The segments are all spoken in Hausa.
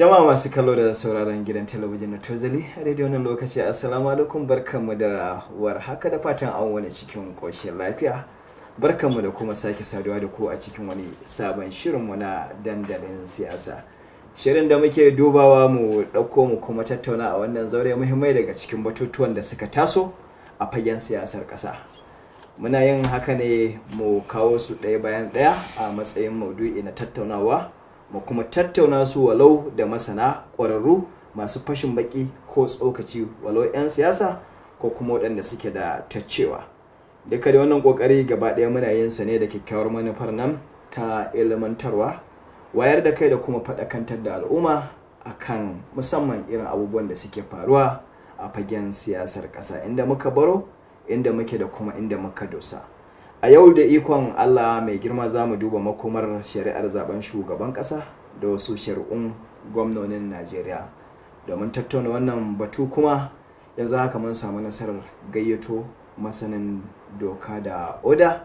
jama'a masu kallo da sauraron gidan talabijin na tozali a daidai wannan lokaci assalamu alaikum barkanmu da war haka da fatan an wani cikin ƙoshin lafiya barkanmu da kuma sake saduwa da ku a cikin wani sabon shirinmu na dandalin siyasa shirin da muke dubawa mu ɗauko mu kuma tattauna a wannan zaure muhimmai daga cikin batutuwan da suka taso a fagen siyasar ƙasa muna yin haka ne mu kawo su ɗaya bayan ɗaya a matsayin maudu'i na tattaunawa mu kuma tattauna su walau da masana ƙwararru masu fashin baki ko tsokaci walau 'yan siyasa ko kuma waɗanda suke da taccewa duka da wannan ƙoƙari gaba ɗaya muna yin sa ne da kyakkyawar manufar nan ta ilmantarwa wayar da kai da kuma faɗakantar da al'umma a kan musamman irin abubuwan da suke faruwa a fagen siyasar ƙasa inda muka baro inda muke da kuma inda muka dosa. a yau da ikon allah mai girma za mu duba makomar shari'ar zaben shugaban kasa da wasu shari'un gwamnonin najeriya domin tattauna wannan batu kuma yanzu haka mun samu nasarar gayyato masanin doka da oda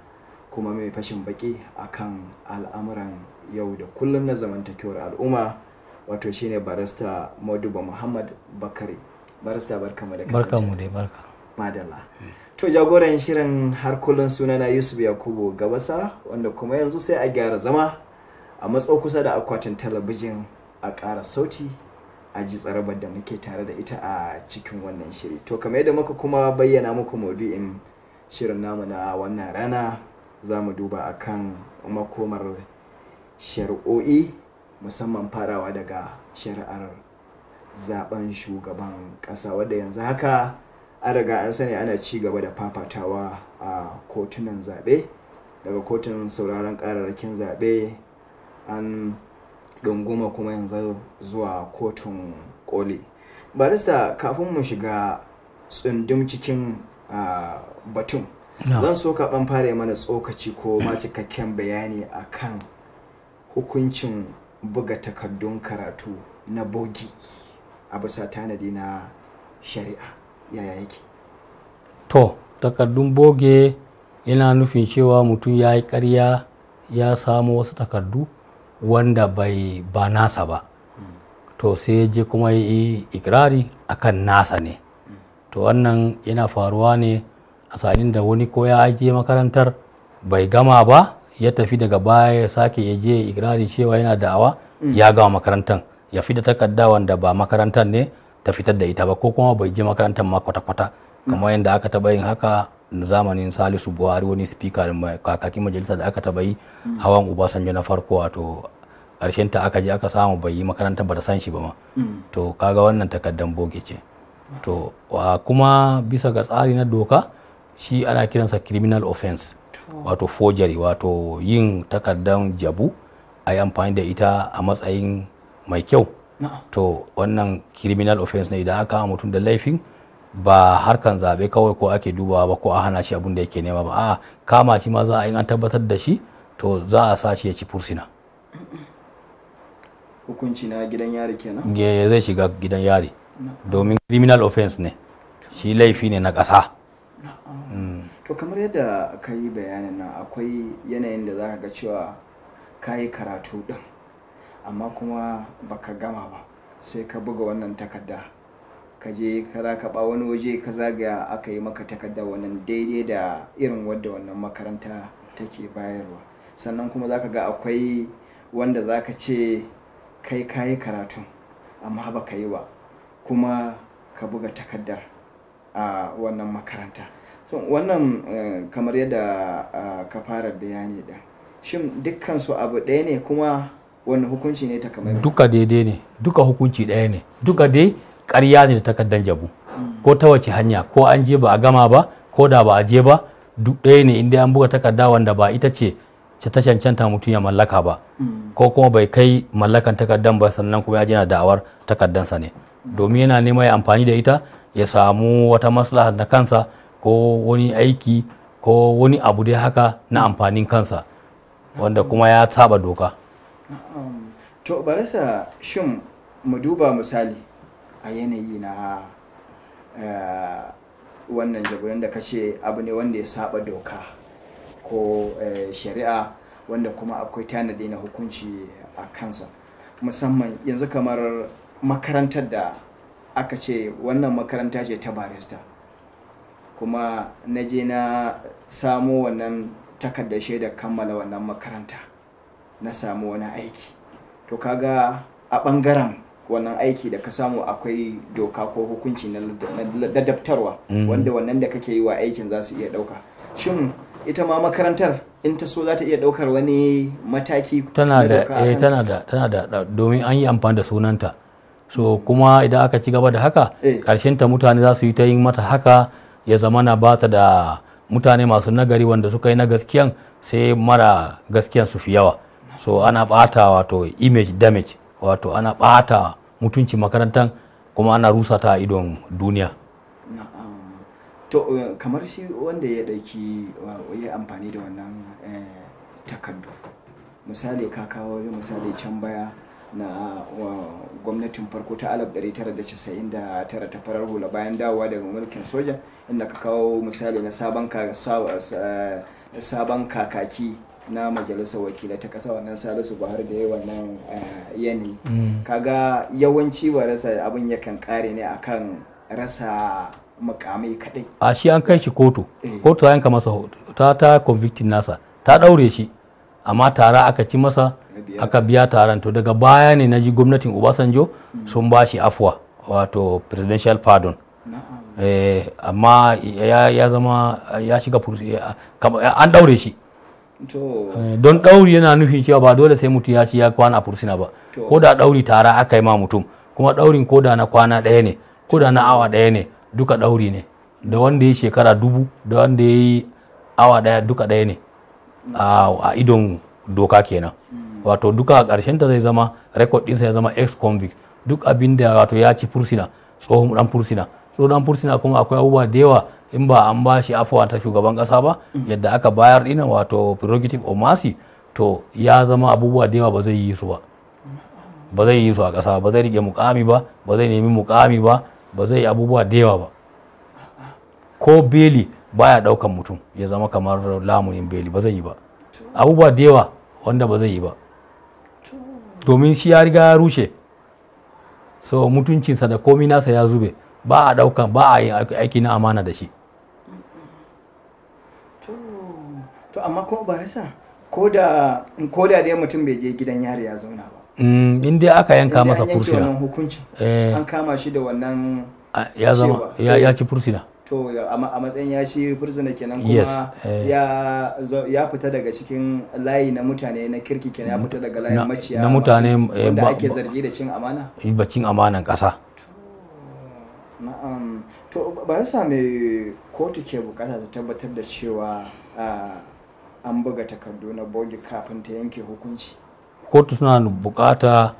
kuma mai fashin baki kan al'amuran yau da kullum na zamantakewar al'umma wato shine barista maduba muhammad bakari barista mu da kasance mu dai barka madalla hmm. to jagoran shirin har kullun sunana yusuf yakubu gabasa wanda kuma yanzu sai a gyara zama a matso kusa da akwatin talabijin a ƙara sauti a ji tsarabar da muke tare da ita a cikin wannan shiri to kamar yadda muka kuma bayyana muku maudu'in shirin namu na wannan rana za mu duba a kan makomar shari'o'i musamman farawa daga shari'ar zaben shugaban ƙasa wadda yanzu haka an riga an sani ana ci gaba da fafatawa a kotunan zaɓe daga kotun sauraron ƙararrakin zaɓe an ɗunguma kuma yanzu zuwa kotun koli barista kafin mu shiga tsundum cikin batun zan so ka fara mana tsokaci ko ma cikakken bayani a kan hukuncin buga takardun karatu na bogi a bisa tanadi na shari'a yaya yake to takardun boge yana nufin cewa mutum ya yi karya ya samu wasu takardu wanda bai ba nasa ba to sai je kuma yi ikirari akan nasa ne to wannan yana faruwa ne a sanin da wani ko ya ajiye makarantar bai gama ba ya tafi daga baya ya sake ya je ikirari cewa yana da'awa ya gama makarantar ya fi da takarda wanda ba makarantar ne ta fitar da ita ba ko kuma bai je makarantar ma kwata-kwata kamar yadda aka taɓa yin haka zamanin salisu buhari wani spika kakakin majalisa da aka taɓa yi hawan obasanjo na farko wato ƙarshen ta aka je aka samu bai yi makaranta ba ta san shi ba ma to kaga wannan takaddan boge ce to kuma bisa ga tsari na doka shi ana kiransa criminal offense wato forgery wato yin takaddan jabu a yi amfani da ita a matsayin mai kyau to wannan criminal offense ne idan aka mutum da laifin ba harkan zaɓe kawai ko ake dubawa ba ko a hana shi abin da yake nema ba a kama shi ma za a yi an tabbatar da shi to za a sa shi ya ci fursina hukunci na gidan yari kenan ya zai shiga gidan yari domin criminal offense ne shi laifi ne na kasa. Mm. to kamar yadda ka yi bayanin nan akwai yanayin da za ka ga cewa ka yi karatu din amma kuma ba ka gama ba sai ka buga wannan takarda ka je ka rakaba wani waje ka zagaya aka yi maka takarda wannan daidai da irin wadda wannan makaranta take bayarwa sannan kuma zaka ga akwai wanda za ka ce kai kayi karatu amma baka yi ba kuma ka buga takardar a wannan makaranta so wannan eh, kamar yadda ah, ka fara bayani da shin dukkan su abu ɗaya ne kuma wani hukunci ne takamaimai duka daidai ne duka hukunci ɗaya ne duka dai karya ne da takardar jabu ko ta wace hanya ko an je ba a gama ba ko da ba a je ba duk ɗaya ne inda an buga takarda wanda ba ita ce ta cancanta mutum ya mallaka ba ko kuma bai kai mallakan takardan ba sannan kuma ya jina da'awar takardansa ne domin yana neman ya amfani da ita ya samu wata maslaha na kansa ko wani aiki ko wani abu dai haka na amfanin kansa wanda kuma ya saba doka to barasa shin mu duba misali a yanayi na eh, wannan jagoran da kace abu ne wanda ya saba doka ko eh, shari'a wanda kuma akwai tanadi na hukunci a kansa musamman yanzu kamar makarantar da aka ce wannan makaranta ce ta barista kuma na je na samo wannan takardar shaidar kammala wannan makaranta na samu wani aiki to kaga a bangaren wannan aiki da ka samu akwai doka ko hukunci na ladabtarwa mm. wanda wannan da kake yi wa aikin za su iya ɗauka shin ita ma makarantar in ta so za ta iya ɗaukar wani mataki tana da eh, tana da tana da domin an yi amfani da sunanta so kuma idan aka ci gaba da haka karshen eh. ta mutane za su yi ta yin mata haka ya zamana ba ta da mutane masu nagari wanda suka yi na gaskiyan sai mara gaskiyan su fi yawa so ana bata wato image damage wato ana bata mutunci makarantar kuma ana rusa ta idon duniya to eh, kamar shi wanda ya ɗauki eh, ya amfani da wannan eh, takardu misali ka kawo misali can baya na gwamnatin farko ta 1999 ta farar hula bayan dawowa daga mulkin soja inda ka kawo misali na sabon kakaki na majalisar wakilai ta ƙasa wannan salisu buhari da yi wannan eh, yani mm. kaga yawanci ba rasa abin yakan kare ne akan rasa mukamai kadai a shi an kai shi kotu eh. kotu ta yanka masa ta ta convicting nasa ta daure shi amma tara aka ci masa aka biya taron to daga baya ne na ji gwamnatin obasanjo mm. sun ba shi afuwa wato presidential pardon eh, amma ya zama ya shiga an daure shi Eh, don ɗauri yana nufin cewa ba dole sai mutum ya ci ya kwana a fursuna ba ko da ɗauri tara aka yi ma mutum kuma ɗaurin ko da na kwana ɗaya ne ko da na awa ɗaya ne duka ɗauri ne da wanda ya shekara dubu da wanda ya yi awa ɗaya duka ɗaya ne a idon doka kenan hmm. wato duka a ƙarshen ta zai zama rekod sa ya zama ex convict duk abin da wato ya ci fursuna tsohon ɗan fursuna sodan dan fursuna kuma akwai abubuwa da yawa in ba an ba shi afuwa ta shugaban kasa ba yadda aka bayar dina wato prerogative of mercy to ya zama abubuwa da yawa ba zai yi su ba ba zai yi su a kasa ba zai rike mukami ba ba zai nemi mukami ba ba zai yi abubuwa da yawa ba ko beli baya daukan mutum ya zama kamar lamunin beli ba zai yi ba abubuwa da yawa wanda ba zai yi ba domin shi ya riga ya rushe so mutuncinsa da komi nasa ya zube ba a daukan ba a yin aiki na amana da shi to amma kuma barisa ko da ko da dai mutum bai je gidan yari ya zauna ba mm, in dai aka yanka masa fursuna an hukunci eh. an kama shi da wannan ya zama ya ci fursuna to a matsayin ya shi fursuna kenan kuma eh. ya fita daga cikin layi na mutane na kirki kenan ya fita daga layin maciya na mutane eh, wanda ake zargi da cin amana ba cin amanan kasa na'am to barasa mai kotu ke bukata ta tabbatar da cewa an buga takardu na bogi kafin ta yanke hukunci kotu suna bukata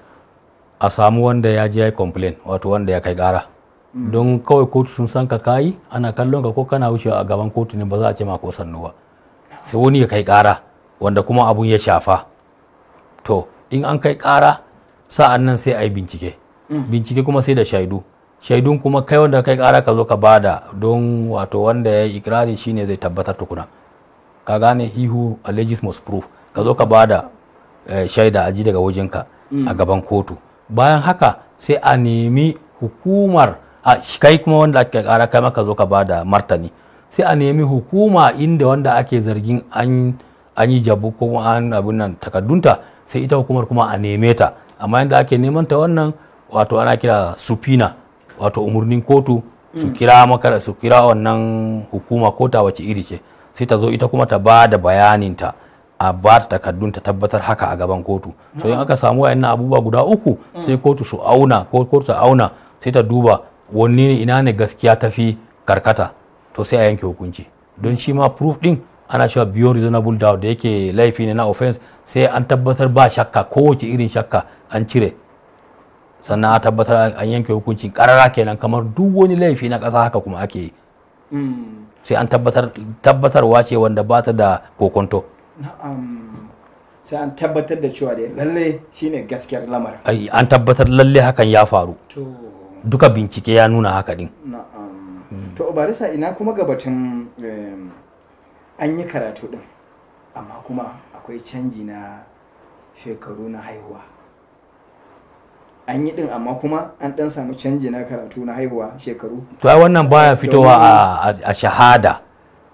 a samu wanda ya ji ya yi complain wato wanda ya kai gara mm. don kawai kotu sun san ka kayi ana kallon ka ko kana wuce a gaban kotu ne ba za a ce ma ko sannu ba sai wani ya kai kara wanda kuma abun ya shafa to in an kai kara sa'an nan sai a yi bincike mm. bincike kuma sai da shaidu shaidun kuma kai wanda kai kara ka zo ka bada don wato wanda ya yi ikirari shine zai tabbatar tukuna ka gane hihu a alleges must proof ka zo ka bada eh, shaida aji daga wajenka ka. a mm. gaban kotu bayan haka sai a nemi hukumar a kai kuma wanda ake kara kai maka zo ka bada martani sai a nemi hukuma inda wanda ake zargin an an yi jabu ko an abin nan takaddunta sai ita hukumar kuma a neme ta amma inda ake neman ta wannan wato ana kira supina wato umurnin kotu su kira maka su kira wannan hukuma kota wace iri ce sai ta zo ita kuma ta ba da bayaninta a ba ta takardun ta tabbatar haka a gaban kotu so in aka samu wayannan abubuwa guda uku sai kotu su auna ko kotu ta auna sai ta duba wanne ne ina ne gaskiya tafi karkata to sai a yanke hukunci don shi ma proof din ana cewa beyond reasonable doubt da yake laifi ne na offense sai an tabbatar ba shakka kowace irin shakka an cire sannan a tabbatar an yanke hukunci karara kenan kamar duk wani laifi na ƙasa haka kuma ake yi hmm. sai an tabbatarwa ce wanda ba ta da kokonto sai an tabbatar da cewa dai lalle shine gaskiyar lamarin an tabbatar lalle hakan ya faru duka bincike ya nuna haka din hmm. to barisa ina kuma gabatun an yi karatu din amma kuma akwai canji na shekaru na haihuwa an yi din amma kuma an dan samu canji na karatu na haihuwa shekaru to ai wannan baya fitowa a shahada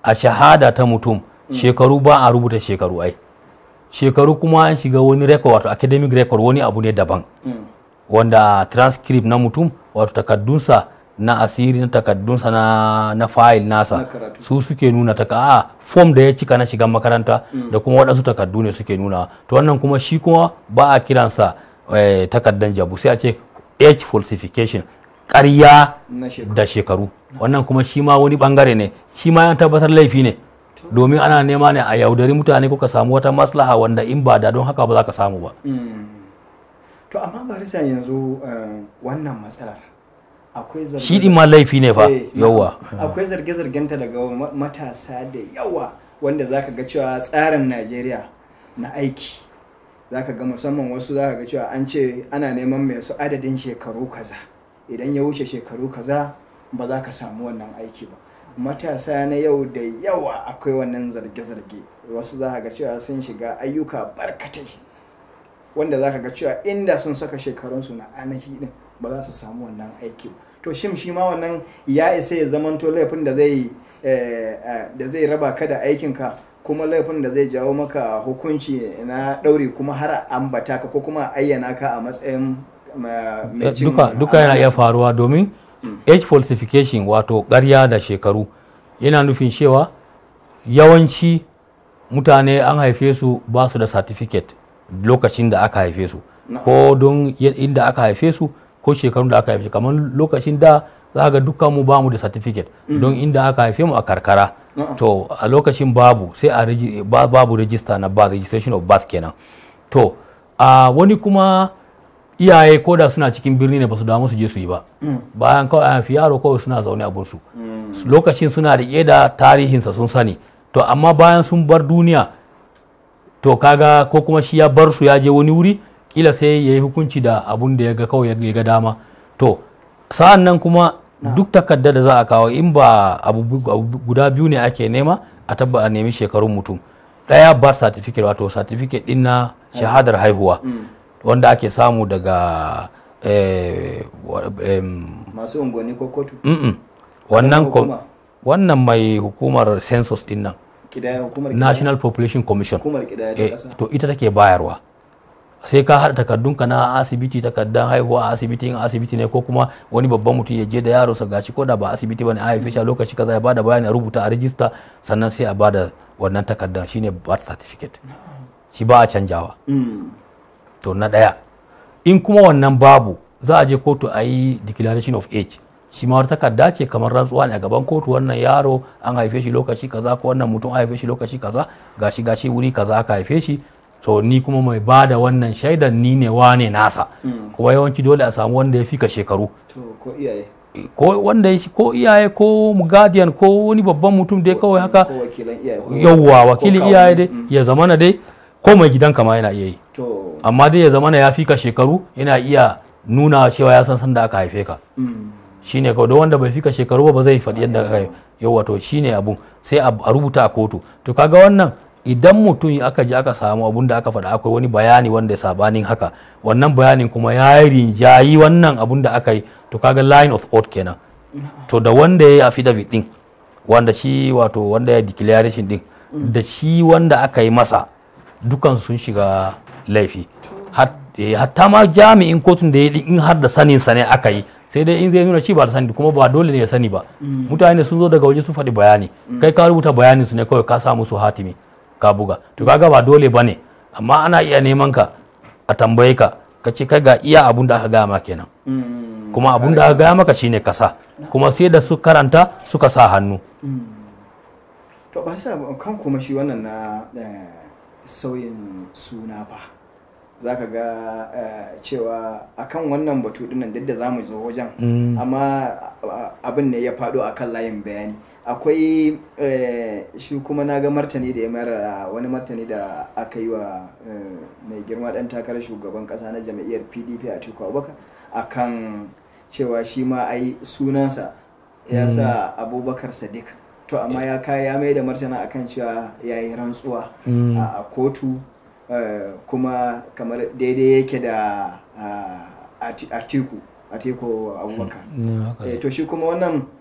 a shahada ta mutum mm. shekaru ba a rubuta shekaru ai shekaru kuma an shiga wani record wato academic record wani abu ne daban mm. wanda transcript na mutum wato takaddunsa na asiri na takaddunsa na, na fayil nasa su suke nuna ta a form da ya cika na shigan makaranta mm. da kuma waɗansu takaddu ne suke nuna to wannan kuma shi kuma ba a kiransa Eh, takardar jabu sai a ce age falsification ƙarya da shekaru wannan kuma shi ma wani bangare ne shi ma yan tabbatar laifi ne domin ana nema ne a yaudari mutane kuka samu wata maslaha wanda in ba da don haka ba za ka samu ba hmm. to amma risa yanzu eh, wannan matsalar akwai zarge shi ma laifi ne fa eh, yawa akwai zarge-zargenta daga matasa da yawa wanda zaka ga cewa tsarin najeriya na aiki Za ka ga musamman wasu za ka ga cewa an ce ana neman mai su adadin shekaru kaza idan ya wuce shekaru kaza ba za ka samu wannan aiki ba matasa na yau da yawa akwai wannan zarge-zarge wasu za ka ga cewa sun shiga ayyuka barkatai wanda za ka ga cewa inda sun saka shekarunsu na anahi din ba za su samu wannan aiki ba to shim shi ma wannan ya isa ya zamanto laifin da zai eh, eh, da zai raba ka da aikinka kuma laifin da zai jawo maka hukunci na ɗauri kuma har ambata ka ko kuma ayyana ka a matsayin duka duka yana iya faruwa domin mm. age falsification wato ƙarya da shekaru yana nufin cewa yawanci mutane an haife su ba su da certificate lokacin da aka haife su ko don inda aka haife su ko shekarun da aka haife kamar lokacin da za ga dukkan mu ba mu da certificate mm. don inda aka haife mu a karkara to a lokacin babu sai a babu register na birth registration of birth kenan to a wani kuma iyaye ko da suna cikin birni ne ba su damu su je su yi ba mm. bayan kawai an fi yaro kawai suna zaune a su mm. lokacin suna riƙe da tarihinsa sun sani to amma bayan sun bar duniya to kaga ko kuma shi ya bar su ya je wani wuri kila sai ya yi hukunci da abun da ya ga kawai ya ga dama to sa'an nan kuma duk takarda da za a kawo in ba abu guda biyu ne ake nema a tabba a nemi shekarun mutum daya birth certificate wato certificate din na shahadar haihuwa mm. wanda ake samu daga eh, masu unguwanni ko kotu wannan wannan mai hukumar census din nan national population commission eh, to ita take bayarwa sai ka haɗa takardunka na asibiti takardan haihuwa a asibiti in asibiti ne ko kuma wani babban mutum ya je da yaro sa gashi ko da ba asibiti bane a haife shi a lokaci kaza ya bada bayani a rubuta a rijista sannan sai a bada wannan takardan shine birth certificate shi ba a canjawa hmm. to na ɗaya in kuma wannan babu za a je kotu a yi declaration of age shi ma takarda ce kamar rantsuwa ne a gaban kotu wannan yaro an haife shi lokaci kaza ko wannan mutum an haife shi lokaci kaza gashi gashi wuri kaza aka haife shi to ni kuma mai ba da wannan shaidan ni ne wane nasa mm. kuma yawanci dole a samu wanda ya fi ka shekaru ko wanda ya ko iyaye ko guardian ko wani babban mutum dai kawai haka yauwa wakilin iyaye dai mm. ya zamana dai ko mai gidan kama yana iya yi amma dai ya zamana ya fi ka shekaru yana iya nuna cewa ya san sanda aka haife ka mm. shine kawai wanda bai fi ka shekaru ba ba zai faɗi yadda aka yauwa to shine abun sai a rubuta a kotu to kaga wannan idan mutum aka ji aka samu abun da aka faɗa akwai wani bayani wanda ya sabanin haka wannan bayanin kuma ya yi rinjayi wannan abun da aka yi to kaga line of oath kenan to da wanda ya yi affidavit din wanda shi wato wanda ya declaration din da shi wanda aka yi masa dukan sun shiga laifi eh, hatta ma jami'in kotun da ya yi in har da sanin sa ne aka yi sai dai in zai nuna shi ba da sani kuma ba dole ne ya sani ba mm. mutane sun zo daga waje su faɗi bayani mm. kai ka rubuta bayanin su ne kawai ka sa musu hatimi ka buga to kaga ba dole bane amma ana iya neman ka a tambaye ka ka ce kai ga iya abun da aka gaya ma kenan mm. kuma abun da aka gaya maka shine sa kuma sai da su karanta suka sa hannu mm. to ba sa kan kuma shi wannan na eh, sauyin suna ba za ka ga eh, cewa akan wannan batu dinnan duk da za mu zo wajen mm. amma abin ne ya faɗo akan layin bayani akwai eh, shi kuma na ga martani da ya mara ah, wani martani da aka yi wa eh, mai girma dan takarar shugaban kasa na jam'iyyar pdp a tiku abubakar akan cewa shi ma ai sunansa ya sa hmm. abubakar sadiq to amma ya kaya mai da martana akan cewa ya yi rantsuwa hmm. ah, a kotu eh, kuma kamar daidai yake da ah, atiku atiku abubakar hmm. to shi kuma wannan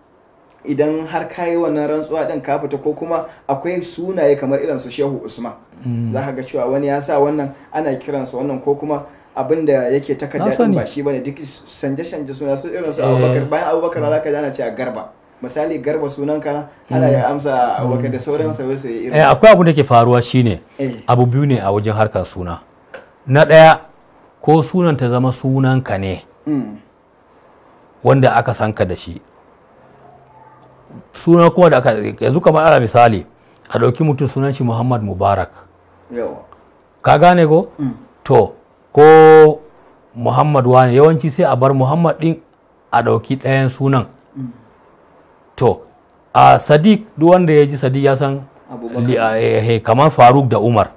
idan har ka yi wannan rantsuwa din ka fita ko kuma akwai sunaye kamar irin su shehu usman hmm. za ka ga cewa wani ya sa wannan ana kiransa wannan ko kuma abin da yake takarda din ba shi bane duk sanje sanje suna su irin su abubakar eh. bayan abubakar za ka ji ana cewa garba misali garba sunan ka ana hmm. ya amsa abubakar da hmm. sauran sa sauye irin eh akwai abu da ke faruwa shine eh. abu biyu ne a wajen harkar suna na daya ko sunan ta zama sunanka ne wanda aka sanka da shi suna kuma da aka yanzu kamar ala misali a ɗauki mutum sunan shi muhammad mubarak ka gane ko mm. to ko muhammad wani yawanci sai a bar muhammad ɗin a ɗauki ɗayan sunan mm. to a sadiq duk wanda ya ji sadiq ya san eh, eh, kamar faruk da umar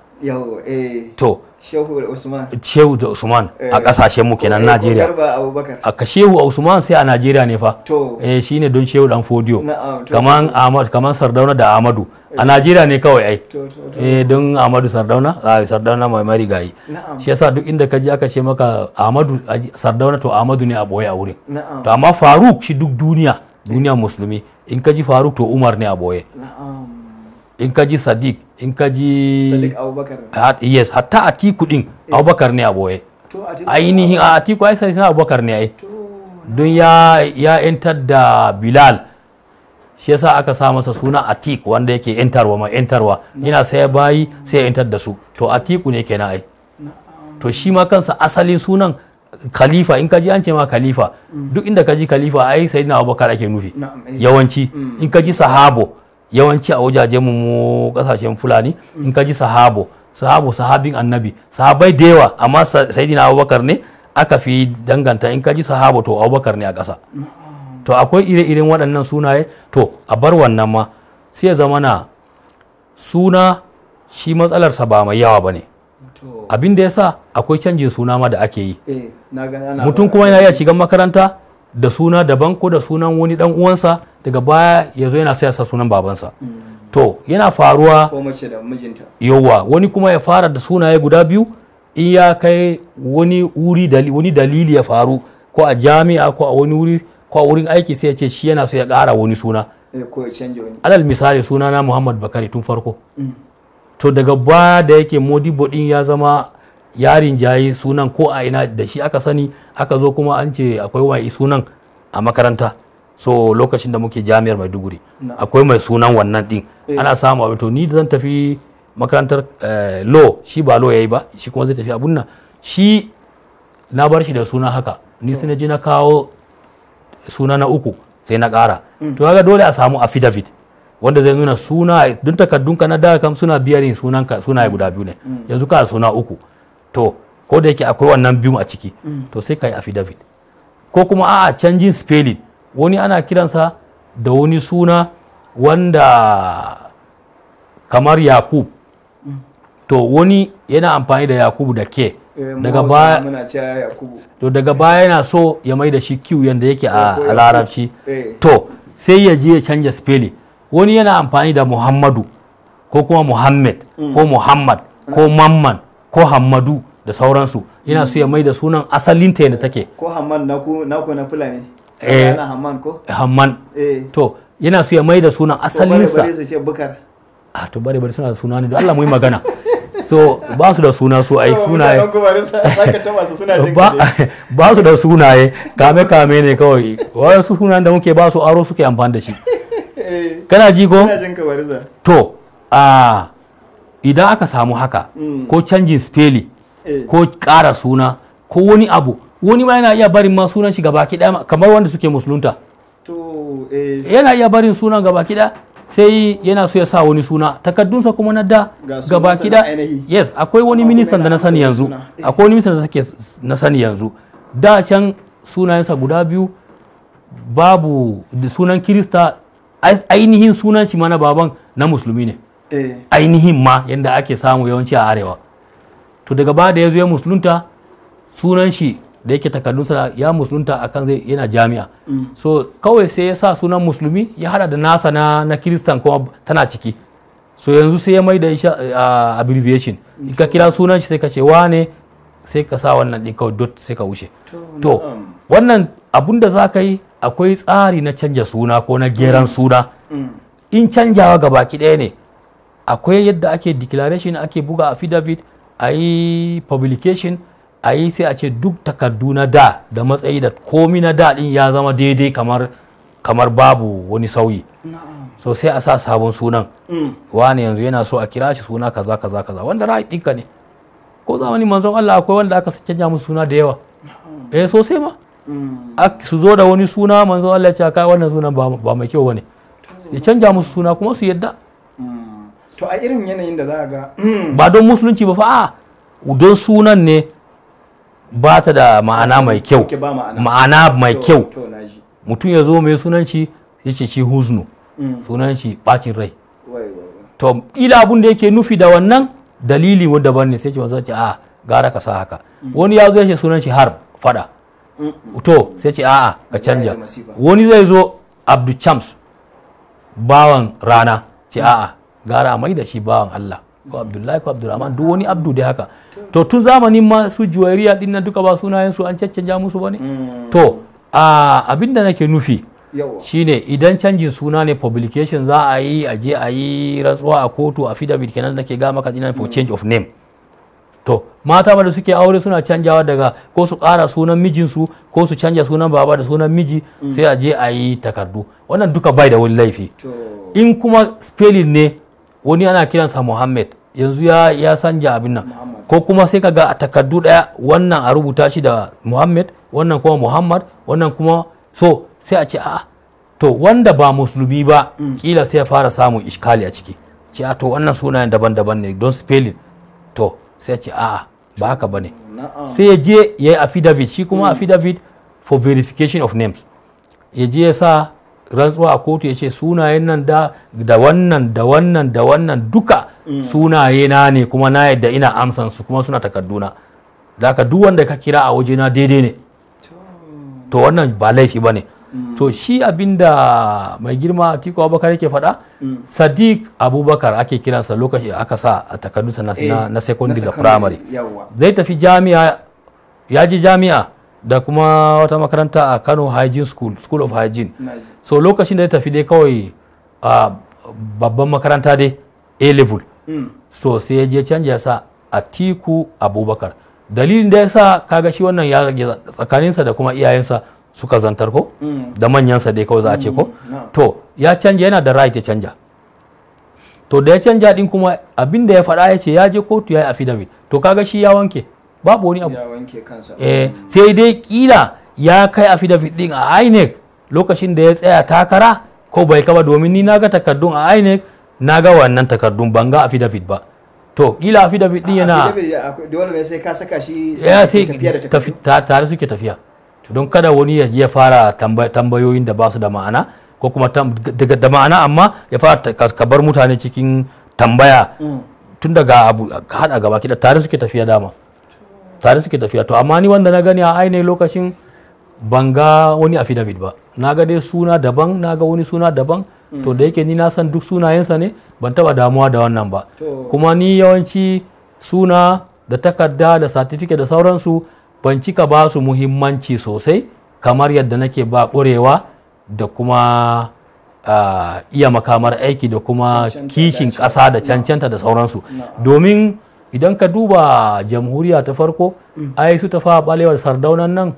eh. to Shehu da Usman. Shehu da Usman a kasashen eh, mu kenan eh, Najeriya. A ka Shehu a Usman sai a Najeriya ne fa. To. Eh shine don Shehu dan Fodio. Kaman Ahmad kaman Sardauna da Ahmadu. A eh. Najeriya ne kawai ai. Eh don Ahmadu Sardauna, a Sardauna mai marigayi. Shi yasa duk inda ka aka ce maka Ahmadu Sardauna to Ahmadu ne a boye a wurin. To amma Faruk shi duk duniya, duniya musulmi. In ka ji Faruk to Umar ne a boye. Na'am. in ka ji sadiq in ka ji yes hatta atiku din eh. abubakar ne a boye ainihin a atiku ai sai abubakar ne ai don ya ya entar da bilal shi yasa aka sa masa suna atik wanda yake entarwa mai entarwa yana sai bayi sai ya entar da su to atiku ne kenan ai to shi ma kansa asalin sunan khalifa in ka ji an ce ma khalifa mm. duk inda ji khalifa ai sayyidina abubakar ake nufi eh. yawanci mm. in ka ji sahabo yawanci a wajajen mu kasashen fulani in ka ji sahabo sahabo sahabin annabi sahabai da yawa amma sayyidina abubakar ne aka fi danganta in ka ji sahabo to abubakar ne a ƙasa to akwai ire-iren waɗannan sunaye to a bar wannan ma sai zama na suna shi matsalarsa ba mai yawa ba ne abin da ya sa akwai canjin suna ma da ake yi eh, mutum kuma yana iya shigar makaranta da suna daban ko da sunan wani dan uwansa daga baya ya zo yana saya sa sunan babansa to yana faruwa ko mace da mijinta yawa wani kuma ya fara da sunaye guda biyu in ya kai wani wuri wani dalili ya faru ko a jami'a ko a wani wuri ko a wurin aiki sai ya ce shi yana so ya ƙara wani suna eh, ko ya canja wani alal misali suna na Muhammad Bakari tun farko mm. to daga baya da yake modibo din ya zama yarin jayi sunan ko a ina da shi aka sani aka zo kuma an ce akwai wani sunan a makaranta so lokacin da muke jami'ar maiduguri akwai mai sunan wannan din eh. ana samu abin to ni da zan tafi makarantar eh, lo shi ba law yayi ba shi kuma zai tafi abun nan shi na bar shi da suna haka ni sai na je na kawo suna na uku sai na kara mm. to kaga dole a samu affidavit wanda zai nuna suna dun ka na da kam suna biyarin sunanka sunaye guda biyu ne mm. yanzu ka suna uku to ko da yake akwai wannan biyun a ciki mm. to sai ka yi affidavit ko kuma a canjin spelling wani ana kiransa da wani suna wanda kamar yakub mm. to wani yana amfani da yakubu da ke eh, daga baya to daga baya yana so ya mai da shi q yanda yake a larabci eh. to sai ya je ya canja spelling wani yana amfani da muhammadu ko kuma muhammad mm. ko muhammad ko mamman ko hammadu da sauransu yana so ya mai da sunan asalin ta yadda take ko hamman na ku na fulani eh na hamman ko hamman eh to yana so ya mai da sunan asalin sa bare ce bukar ah to bare bare suna da suna ne don Allah mu yi magana so ba su da suna su ai sunaye ba su da sunaye kame kame ne kawai wai su suna da muke ba su aro suke amfani da shi eh. kana ji ko to a ah, idan aka samu haka mm. ko canjin speli Eh. ko ƙara suna ko wani abu wani ma yana iya barin ma sunan shi gaba kiɗa kamar wanda suke musulunta eh. yana iya barin sunan gaba kiɗa sai yana so ya sa wani suna takardunsa kuma na da gaba kiɗa yes eh. akwai wani ministan da na sani yanzu akwai wani ministan da na sani yanzu da can sunayensa guda biyu babu sunan kirista ainihin sunan shi mana baban na musulmi ne ainihin ma yadda ake samu yawanci a arewa to daga baya da ya zo ya musulunta sunan shi da yake takardunsa ya musulunta kan zai yana jami'a so kawai sai ya sa sunan musulmi ya hada da nasa na na kiristan kuma tana ciki so yanzu sai ya mai da a abbreviation in ka kira sunan shi sai ka ce wane sai ka sa wannan din kawai dot sai ka wuce to wannan abun da za ka yi akwai tsari na canja suna ko na geran mm. suna mm. in canjawa gaba ki ɗaya ne akwai yadda ake declaration ake buga affidavit a yi publication a yi sai a ce duk takardu na da da matsayi da komi na da din ya zama daidai kamar kamar babu wani sauyi so sai a sa sabon sunan mm. wani yanzu yana so a kira shi suna kaza kaza kaza wanda ra'ayi ɗinka ne ko zamani manzon Allah akwai wanda aka canja musu suna da yawa eh sosai ma mm. su zo da wani suna manzon Allah ya ce kai wannan sunan ba mai kyau bane sai canja musu suna kuma su yadda to a irin yanayin da za ga hmm. ba don musulunci ba fa a don sunan ne ba ta da ma'ana mai kyau ma'ana mai kyau mutum ya zo mai sunanci ya ce shi huznu hmm. sunanci bacin rai to ila abin da yake nufi da wannan dalili wanda ban ne sai ce wanzu ce a gara ka sa haka hmm. wani ya zo ya ce sunanci har fada to sai ce a'a ka canja wani zai zo abdu chams bawan rana ce a'a gara mai da shi bawan Allah ko Abdullahi ko Abdurrahman duk wani Abdu da haka to tun zamanin ma su juwairiya din nan duka ba sunayen su an caccanja musu bane mm. to a abin da nake nufi shine idan canjin suna ne publication za a yi a je a yi rantsuwa a kotu a fidavit kenan nake ga maka dinan for mm. change of name to mata ma da suke aure suna canjawa daga ko su kara sunan mijinsu ko su canja sunan baba da sunan miji mm. sai a je a yi takardu wannan duka bai da wani laifi in kuma spelling ne wani ana kiransa muhammad yanzu ya ya sanja abin nan ko kuma sai kaga a takardu daya wannan a rubuta shi da muhammad wannan kuma muhammad wannan kuma so sai a ce a'a to wanda ba musulmi ba ƙila mm. kila sai ya fara samun iskali a ciki ce a to wannan sunayen daban-daban ne don spelling to sai a ce a'a ba haka bane sai ya je ya yi affidavit shi kuma mm. affidavit for verification of names ya je ya sa rantsuwa a kotu ya ce sunayen nan da wannan da wannan da wannan duka mm. sunaye na ne kuma na yadda ina amsan su kuma suna takarduna da ka duk wanda ka kira a waje na daidai ne to wannan ba laifi ba ne mm. to shi abinda mai girma Tiko Abubakar yake faɗa mm. Sadiq Abubakar ake kiransa lokaci aka sa a takardunsa eh, na secondary da primary zai tafi jami'a ya ji jami'a da kuma wata makaranta a kano hygiene school school of hygiene so lokacin da ya tafi dai kawai a babban makaranta dai a level mm. so sai ya je canja sa a tiku abubakar dalilin da ya sa kaga shi wannan ya rage tsakaninsa da kuma iyayensa suka zantar ko mm. da manyansa dai kawai za a ce ko mm. to ya canja yana da right ya canja to da ya canja din kuma abin da ya faɗa ya ce ya je kotu ya yi affidavit to kaga shi ya wanke babu wani abu eh sai dai kila ya kai affidavit din a INEC lokacin da ya tsaya takara ko bai kaba domin ni naga takardun a INEC naga wannan takardun ban ga affidavit ba to kila affidavit din yana dole ne sai ka saka shi ya da tare suke tafiya don kada wani ya ya fara tambayoyin da ba su da ma'ana ko kuma daga da ma'ana amma ya fara kabar mutane cikin tambaya mm. tun daga abu hada gaba kida tare suke tafiya dama tare suke tafiya to amma ni wanda na gani a ainihin lokacin ban ga wani affidavit ba na ga dai suna daban na ga wani suna daban to da yake ni na san duk sunayensa ne ban taba damuwa da wannan ba kuma ni yawanci suna da takarda da certificate da sauransu ban cika ba su muhimmanci sosai kamar yadda nake ba ƙurewa da kuma iya makamar aiki da kuma kishin ƙasa da cancanta da sauransu domin idan ka duba jamhuriya ta farko mm. ai su ta fa balewar sardaunan nan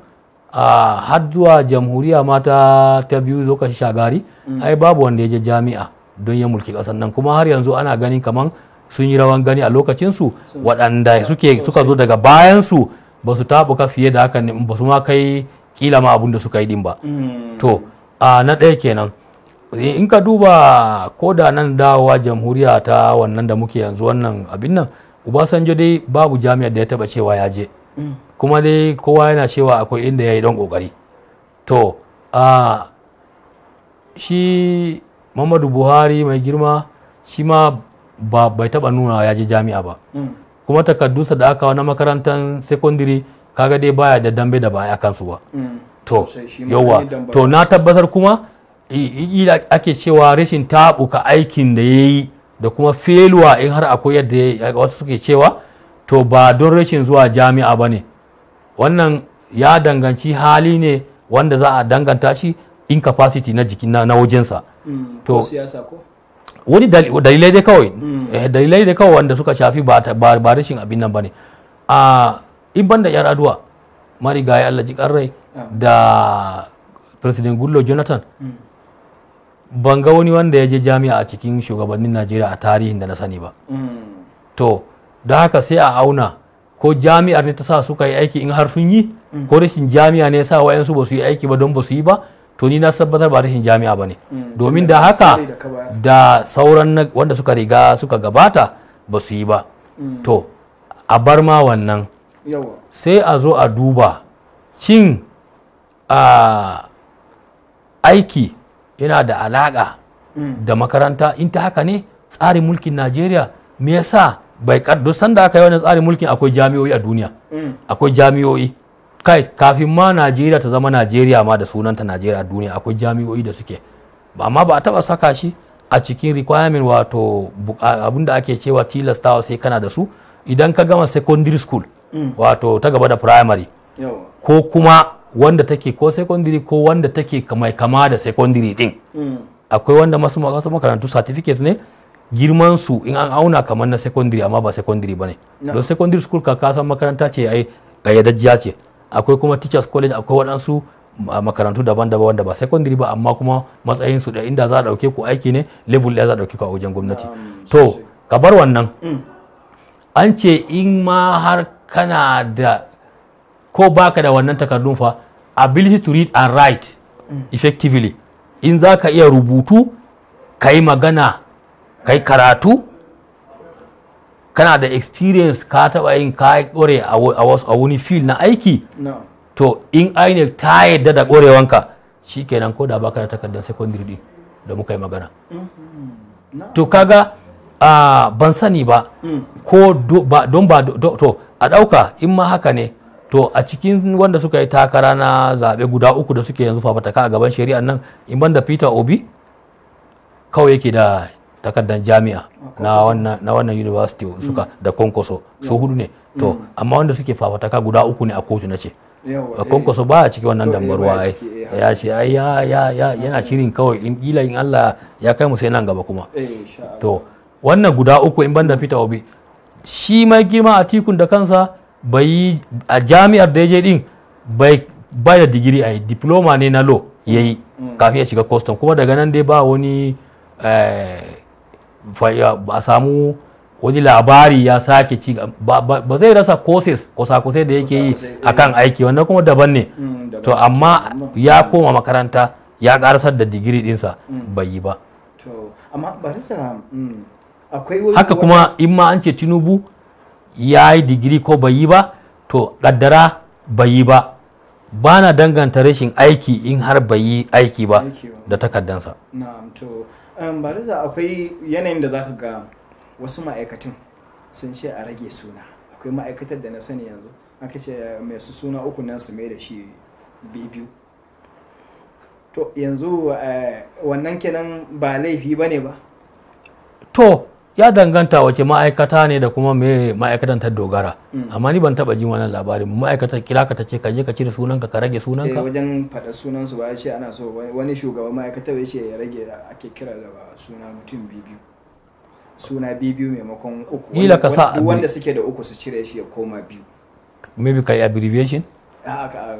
a har jamhuriya mata ta biyu zo ka shagari mm. ai babu wanda ya je jami'a don ya mulki kasar nan kuma har yanzu ana ganin kaman sun yi rawan gani a lokacinsu waɗanda suke suka zo daga bayansu ba su ka fiye da haka ba su ma kai kila ma abun da suka yi din ba mm. to a na ɗaya kenan in ka duba ko da nan dawowa jamhuriya ta wannan da muke yanzu wannan abin nan Obasanjo dai babu jami'ar da ya taba cewa ya je mm. kuma dai kowa yana cewa akwai inda ya yi don kokari to a shi Muhammadu Buhari mai girma shi ma ba bai taba nuna ya je jami'a ba mm. kuma takardunsa da aka na makarantar secondary kaga dai baya da dambe da baya kansu ba mm. to yawa to na tabbatar kuma ake cewa rashin taɓuka aikin da ya yi da kuma feluwa in har akwai yadda wasu suke cewa to ba don rashin zuwa jami'a ba ne wannan ya danganci hali ne wanda za a danganta shi incapacity na jiki na, na wajensa mm, to wani dalilai dai kawai mm. eh, dalilai dai kawai wanda suka shafi ba rashin abin nan ba ne a iban da yar aduwa ya allah ji rai ah. da president gullo jonathan mm. ban ga wani wanda ya je jami'a a cikin shugabannin najeriya a tarihin da na sani ba mm. to da haka sai a auna ko jami'ar ne ta sa suka yi aiki in har sun yi mm. ko rashin jami'a ne ya sa wayansu ba su yi aiki ba don ba su yi ba to ni na tabbatar ba rashin jami'a ba ne mm. domin da haka da sauran wanda suka riga suka gabata ba su yi ba to a bar ma wannan sai a zo a duba cin ah, aiki yana da alaƙa da makaranta in ta haka ne tsarin mulkin najeriya me yasa bai kaddo sanda aka yi wani tsarin mulkin akwai jami'o'i a duniya akwai jami'o'i kai kafin ma najeriya ta zama najeriya ma da sunanta najeriya a duniya akwai jami'o'i da suke amma ba a taba saka shi a cikin requirement wato abin da ake cewa tilastawa sai kana da su idan ka gama secondary school mm. wato ta gaba da primary ko kuma wanda take ko secondary ko wanda take mai kama da secondary din akwai wanda masu makarantu certificate ne girman su in an auna kamar na secondary amma ba secondary bane don secondary school ka san makaranta ce ai gayyadajjiya ce akwai kuma teachers college akwai waɗansu makarantu daban-daban wanda ba secondary ba amma kuma matsayin su da inda za a dauke ku aiki ne level ɗaya za a dauke ku a wajen gwamnati to ka bar wannan mm. an ce in ma har kana da ko baka da wannan takardun fa ability to read and write effectively in za ka iya rubutu ka yi magana ka yi karatu kana da experience ka taba yin ka yi kore a wani fil na aiki to in inec ta yadda da shi kenan ko da baka da takardar secondary din da muka yi magana mm-hmm. to kaga ban sani ba mm. ko don ba to a ɗauka in ma haka ne to a cikin wanda suka yi takara na zaɓe guda uku da suke yanzu fafataka a gaban shari'a nan in banda peter obi kawai yake da takardar jami'a na wannan university mm. suka da konkoso su hudu ne to mm. amma wanda suke fafataka guda uku ne a kotu na ce konkoso eh. ba a ciki wannan eh, dambarwa eh. ai ya ce ai yana ah. shirin kawai in kila in Allah ya kai mu sai nan gaba kuma to wannan guda uku in banda Peter Obi shi mai girma a tikun da kansa bai a jami'ar da ya je din bai ba da digiri a diploma ne na lo ya yi mm. kafin ya shiga custom kuma daga nan dai ba wani eh, a samu wani labari ya sake ci ba zai rasa courses kusa kusai da yake yi a eh. kan aiki wanda kuma daban ne mm, to amma ya koma makaranta ya karasar da digiri dinsa mm. bai yi ba haka kuma in ma an ce tinubu ya yi digiri ko bai yi ba to ƙaddara bai yi ba ba na danganta rashin aiki in har bai yi aiki ba da takardansa na'am to um, bari da akwai yanayin da zaka ga wasu ma'aikatan sun ce a rage suna akwai ma'aikatar da na sani yanzu aka ce eh, mai su suna uku nan su mai da shi biyu to yanzu eh, wannan kenan ba laifi ba ne ba to ya danganta wace ma'aikata ne da kuma me ma'aikatan ta dogara amma ni ban taba jin wannan labarin ma'aikatar kira ka tace ka je ka cire sunanka ka rage sunanka eh, wajen faɗa sunan su ba ya ce ana so wani shugaban ma'aikata ya ce ya rage ake kira da suna mutum bibiyu suna bibiyu maimakon uku kila ka sa wanda suke da uku su cire shi ya koma biyu maybe kai abbreviation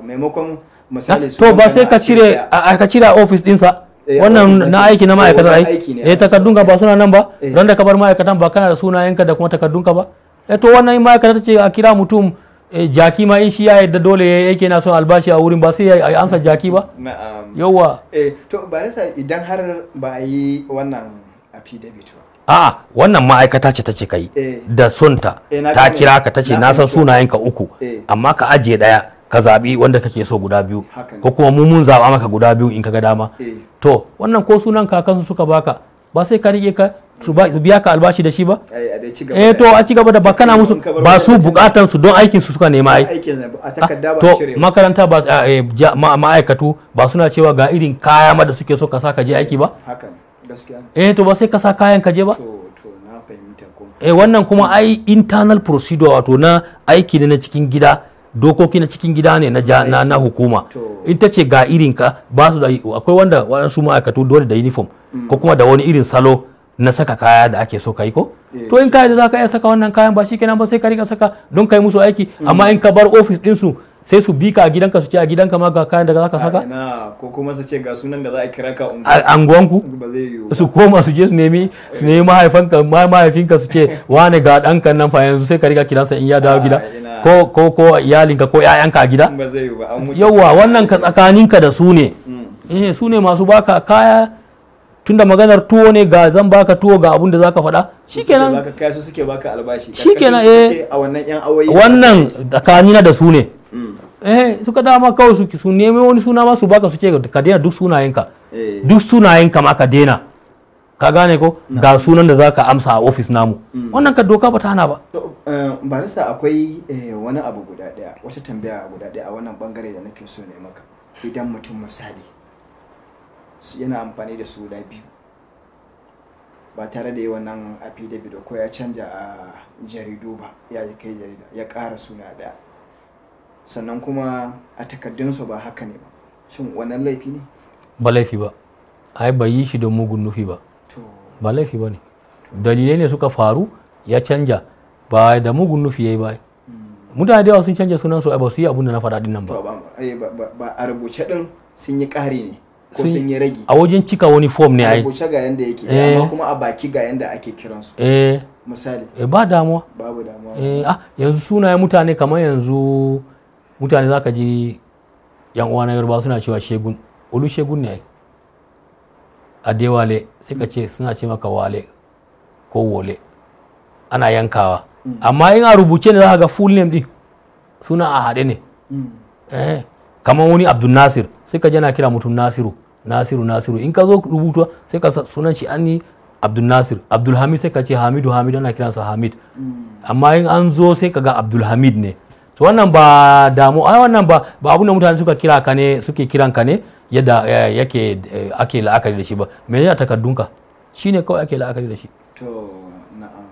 maimakon misali to ba sai ka cire a ka cire a office din sa Eh, wannan na aiki na ma'aikatar aiki eh takardunka ba suna nan ba eh. don da ka bar ma'aikatan ba kana da sunayenka da kuma takardunka ba eh to wannan ma'aikatar ce a kira mutum eh, jaki ma in shi ya yadda dole ya yake na son albashi a wurin ba sai ya amsa jaki ba na'am yawa eh to ba rasa idan har ba yi wannan affidavit ba a'a wannan ma'aikata ce ta ce kai da sunta ta kira ka ta ce na san sunayenka uku amma ka ajiye daya ka zaɓi wanda kake so guda biyu ko kuma mu mun zaɓa maka guda biyu in kaga dama eh. to wannan ko sunan kakansu suka baka ba sai ka rike ka su biya ka albashi da shi ba eh to a ci gaba da bakana musu ba su bukatan su don aikin su suka nema ai ah, to makaranta ba ah, eh, ma'aikatu ba suna cewa ga irin kaya ma da suke so ka saka je aiki ba eh to ba sai ka sa kayan ka je ba eh wannan kuma ai internal procedure wato na aiki ne na cikin gida dokoki na cikin gida ne na na hukuma in ta ce ga irin ba su da akwai wanda waɗansu ma'aikatu dole da uniform mm. ko kuma da wani irin salo na saka kaya da ake so ka yi ko eh, to in kaya da za ka iya saka wannan kayan ba shi kenan ba sai ka rika saka don yi musu aiki mm. amma in ka bar ofis ɗinsu sai su bi ka a gidanka su ce a gidanka ma ga kayan da za ka saka ko kuma su ce ga sunan da za a kira ka anguwanku su koma su je su nemi su nemi mahaifinka mahaifinka su ce wane ga ɗanka nan fa yanzu sai ka riga sa in ya dawo gida ko ko ko iyalinka ko ƴaƴanka a gida yawa wannan ka tsakaninka da su ne mm. eh su ne masu baka kaya tunda maganar tuwo ne ga zan baka tuwo ga abun da zaka faɗa shikenan su suke baka albashi shikenan eh a wannan yan awayi wannan tsakanina da su ne Mm. eh suka dama kawai su su neme wani suna ma su baka su ce ka daina duk sunayenka eh. duk sunayenka ma ka daina ka gane ko ga sunan da zaka amsa a ofis namu mm. wannan ka doka ba ta hana ba eh, barista akwai eh, wani abu guda daya wata tambaya guda daya a wannan bangare da nake so ne maka idan mutum misali yana amfani da su da biyu ba tare da yi wannan affidavit ko ya canja a jaridu ba ya kai jarida ya kara suna daya sannan kuma a takardunsa ba haka ne ba shin wannan laifi ne ba laifi ba ai ba yi shi don mugun nufi ba ba laifi ba ne dalilai ne suka faru ya canja ba da mugun nufi ya yi ba hmm. mutane da yawa sun canja sunan su ba su yi abin da na faɗa din nan ba ba a rubuce din sun yi ƙari ne ko sun yi rage a wajen cika wani form ne ai rubuce ga yanda yake amma eh. kuma a baki ga yanda ake kiran su eh misali eh ba damuwa babu damuwa eh ah yanzu sunayen mutane kamar yanzu mutane za ka ji yan uwa na yarba suna cewa shegun olu shegun ne dewale sai ka ce suna ce maka wale ko wole ana yankawa mm. amma yin a rubuce ne za ka ga full name din suna a haɗe ne mm. eh, kamar wani abdul nasir sai ka jana kira mutum nasiru nasiru nasiru in ka zo rubutu sai ka sunan shi an abdul nasir abdul hamid sai ka ce hamidu hamidu ana kiransa hamid mm. amma in an zo sai ka ga abdul hamid ne to wannan ba damu a wannan ba ba da mutane suka kira ka ne suke kiran ka ne yadda eh, yake eh, ake la'akari da shi ba yana takardunka shine kawai ake la'akari da shi to na'am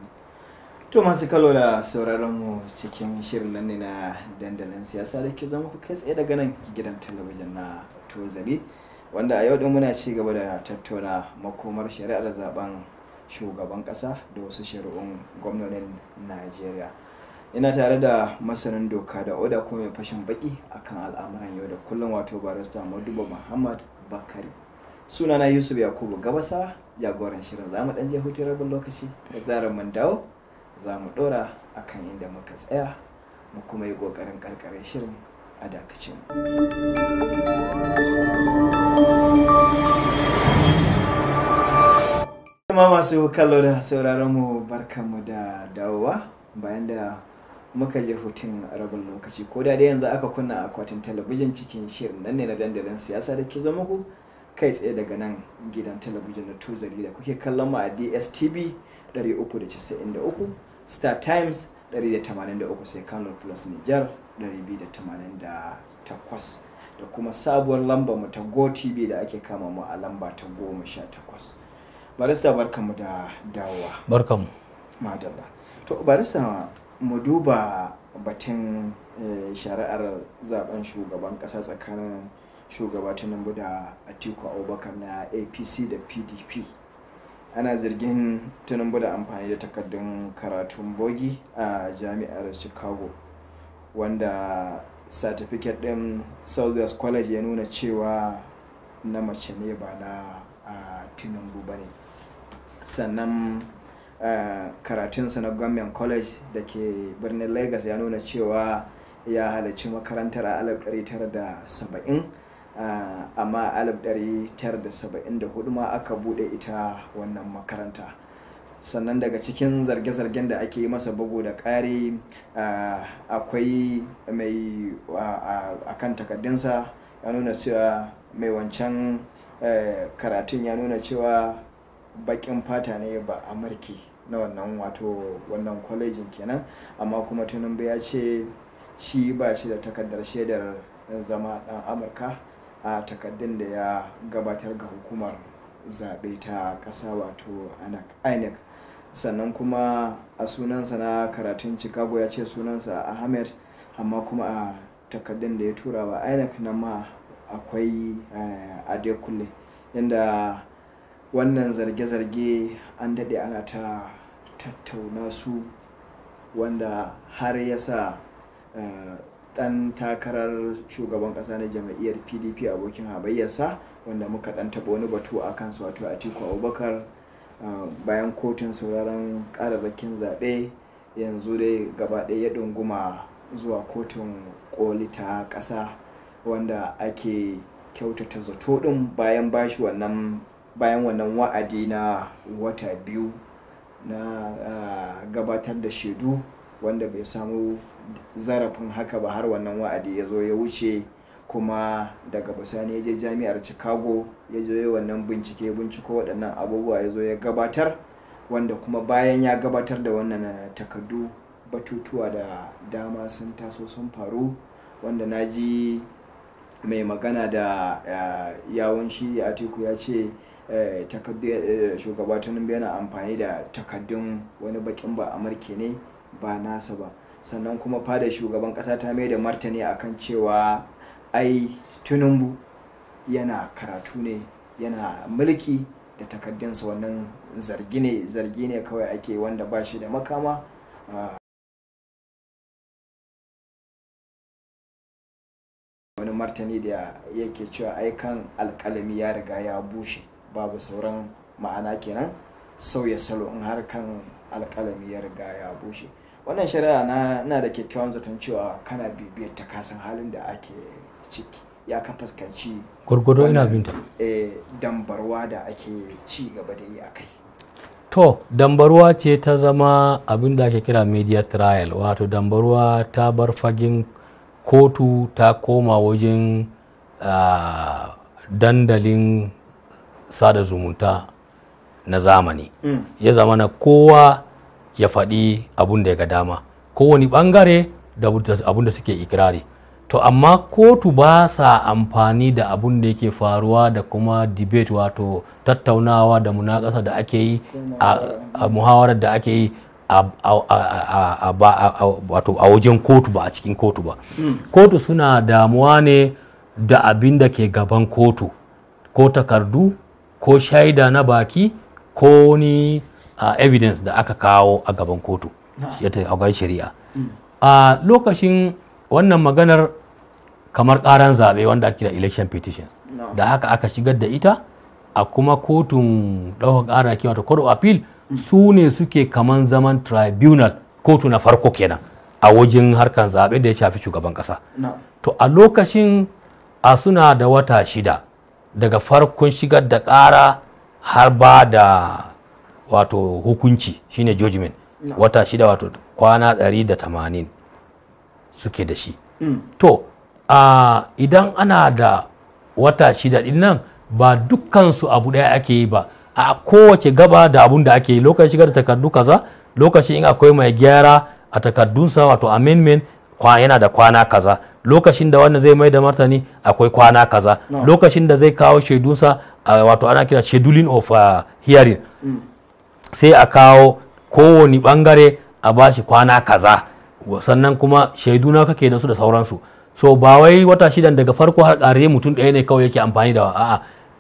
to masu kalo da sauraron mu cikin shirin nan ne na dandalin siyasa da ke zama kai tsaye daga nan gidan talabijin na tozali wanda a yau din muna ci gaba da tattauna makomar shari'ar zaben shugaban kasa da wasu shari'un gwamnonin najeriya ina tare da masanin doka da oda kuma mai fashin baki akan al'amuran yau da kullum wato barista maduba muhammad bakari suna na yusuf yakubu gabasa jagoran shirin za mu dan je hutu rabin lokaci da zarar mun dawo za mu dora akan inda muka tsaya mu kuma yi kokarin karkare shirin a dakacin kuma masu kallo da sauraron mu barkanmu da dawowa bayan da muka je hutun rabin lokaci ko da dai yanzu aka kunna akwatin talabijin cikin shirin nan ne na dandalin siyasa da ke zama ku. kai tsaye daga nan gidan talabijin na tuzari da kuke kallon mu a dstv 393 star times 183 sai kano plus niger 288 da kuma sabuwar lamba mu ta gotv da ake kama mu a lamba ta takwas barista barkamu da dawowa barkamu madalla to barista mu duba batun eh, shari'ar zaben shugaban kasa tsakanin shugaba tinubu da atiku abubakar na apc da pdp ana zargin tinubu da amfani da takardun karatun bogi a jami'ar chicago wanda satifiket din southwest college ya nuna cewa na mace ne ba na tinubu ba ne sannan Eh, karatunsa na government college da ke birnin lagos ya nuna cewa ya halarci makarantar a 1970 eh, amma a 1974 ma aka bude ita wannan makaranta sannan daga cikin zarge-zargen da ake yi masa bugu da ƙari eh, akwai mai a kan takaddinsa ya nuna cewa mai wancan karatun ya nuna cewa baƙin fata ne ba a na wannan wato wannan kwalejin kenan amma kuma tinubu ya ce shi ba shi da takardar shaidar zama dan amurka a takardun da ya gabatar ga hukumar zaɓe ta ƙasa wato inec sannan kuma a sunansa na karatun chicago ya ce sunansa ahmed amma kuma a takardun da ya tura ba inec na ma akwai eh, adekunle inda wannan zarge-zarge an daɗe ana ta tattauna su wanda har ya sa eh, ɗan takarar shugaban ƙasa na jam'iyyar pdp abokin yasa wanda muka ɗan taɓa wani batu a kansu wato atiku abubakar eh, bayan kotun sauraron ƙararrakin zaɓe yanzu dai gaba ɗaya ya ɗunguma zuwa kotun koli ta ƙasa wanda ake kyautata zato ɗin bayan bashi wannan bayan wannan wa'adi na wata biyu na ah, gabatar da shaidu wanda bai samu zarafin haka ba har wannan wa'adi ya zo ya wuce kuma daga bisani ya je jami'ar chicago ya zo ya wannan bincike binciko waɗannan abubuwa ya zo ya gabatar wanda kuma bayan ya gabatar da wannan ah, takardu batutuwa da dama sun taso sun faru wanda na ji mai magana da ah, yawon shi a teku ya ce Eh, eh, shugaba tinubu yana amfani da takaddun wani bakin ba amurke ne ba nasa ba sannan kuma fada shugaban kasa ta mai da martani akan cewa ai tunumbu yana karatu ne yana mulki da takaddunsa wannan zargi ne zargi ne kawai ake wanda ba shi da makama ah, wani martani da yake cewa ai kan alkalami ya riga ya bushe babu sauran ma'ana kenan sauya salo in har kan alƙalami ya riga ya bushe wannan shari'a na na da kyakkyawan zaton cewa kana bibiyar ta kasan halin da ake ciki ya kan fuskanci ina binta eh dambarwa da ake ci gaba da yi a kai to dambarwa ce ta zama abin da ake kira media trial wato dambarwa ta bar fagen kotu ta koma wajen uh, dandalin sada zumunta na zamani mm. ya zama na kowa ya faɗi abun da ya ga dama kowane bangare da abun da suke ikirari to amma kotu ba sa amfani da abun da yake faruwa da kuma debate wato tattaunawa da munakasa da ake yi a muhawarar da ake yi a wajen kotu ba a cikin kotu ba mm. kotu suna damuwa ne da abin da ke gaban kotu ko takardu ko shaida na baki ko wani uh, evidence da aka kawo a gaban kotu ya ta shari'a a lokacin wannan maganar kamar karan zaɓe wanda ake da election petition da haka aka shigar da ita a kuma kotun ɗaukar ƙara kima ta court of appeal su ne suke kaman zaman tribunal kotu na farko kenan a wajen harkan zaɓe da ya shafi shugaban ƙasa to a lokacin a suna da wata shida daga farkon shigar da ƙara har ba da wato hukunci shine judgment wata shida wato kwana 180 suke da shi mm. to uh, idan ana da wata shida din nan ba dukkansu abu ɗaya ake yi ba a kowace gaba da abun da ake yi lokacin shigar da takardu kaza lokacin in akwai mai gyara a takardunsa wato amendment yana da kwana kaza lokacin da wannan zai mai da martani akwai kwana kaza lokacin da zai kawo shaidunsa wato ana kira scheduling of uh, hearing mm. sai a kawo kowane bangare a ba shi kwana kaza sannan kuma shaiduna kake da su da sauransu so ba wai wata shidan daga farko har ƙare mutum ɗaya ne kawai yake amfani da a'a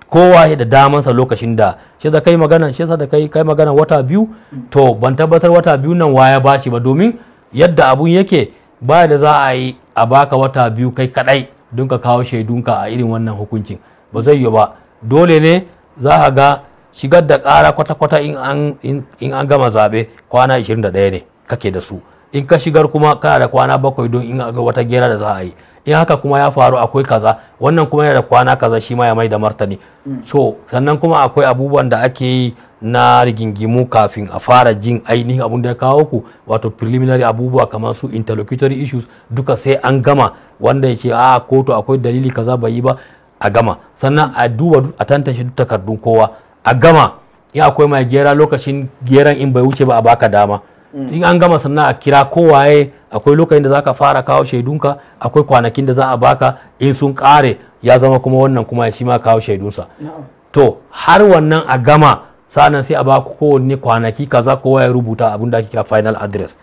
kowa da damansa lokacin da shi da kai magana shi da kai kai magana wata biyu mm. to ban tabbatar wata biyu nan waya ba shi ba domin yadda abun yake ba da za a yi a baka wata biyu kai kadai don ka kawo shaidunka a irin wannan hukuncin ba zai yi ba dole ne za a ga shigar da kara kwata-kwata in an gama zaɓe kwana 21 ne kake da su in ka shigar kuma kana da kwana bakwai don in ga wata gera da za a yi in haka kuma ya faru akwai kaza wannan kuma yana da kwana kaza shi ma ya mai da martani mm. so sannan kuma akwai abubuwan da ake yi na rigingimu kafin a fara jin ainihin abun da ya kawo ku wato preliminary abubuwa kamar su interlocutory issues duka sai an gama wanda ya ce a kotu akwai dalili kaza bai yi ba a gama sannan a duba a tantance duk takardun kowa a gama ya akwai mai gera lokacin geran in bai wuce ba a baka dama mm. in an gama sannan a kira kowaye akwai lokacin da zaka fara kawo shaidunka akwai kwanakin da za a baka in sun kare ya zama kuma wannan kuma ya shi ma kawo shaidunsa to har wannan a gama sa'annan sai a ba ku kowanne kwanaki kaza kowa ya rubuta abin da ake kira final address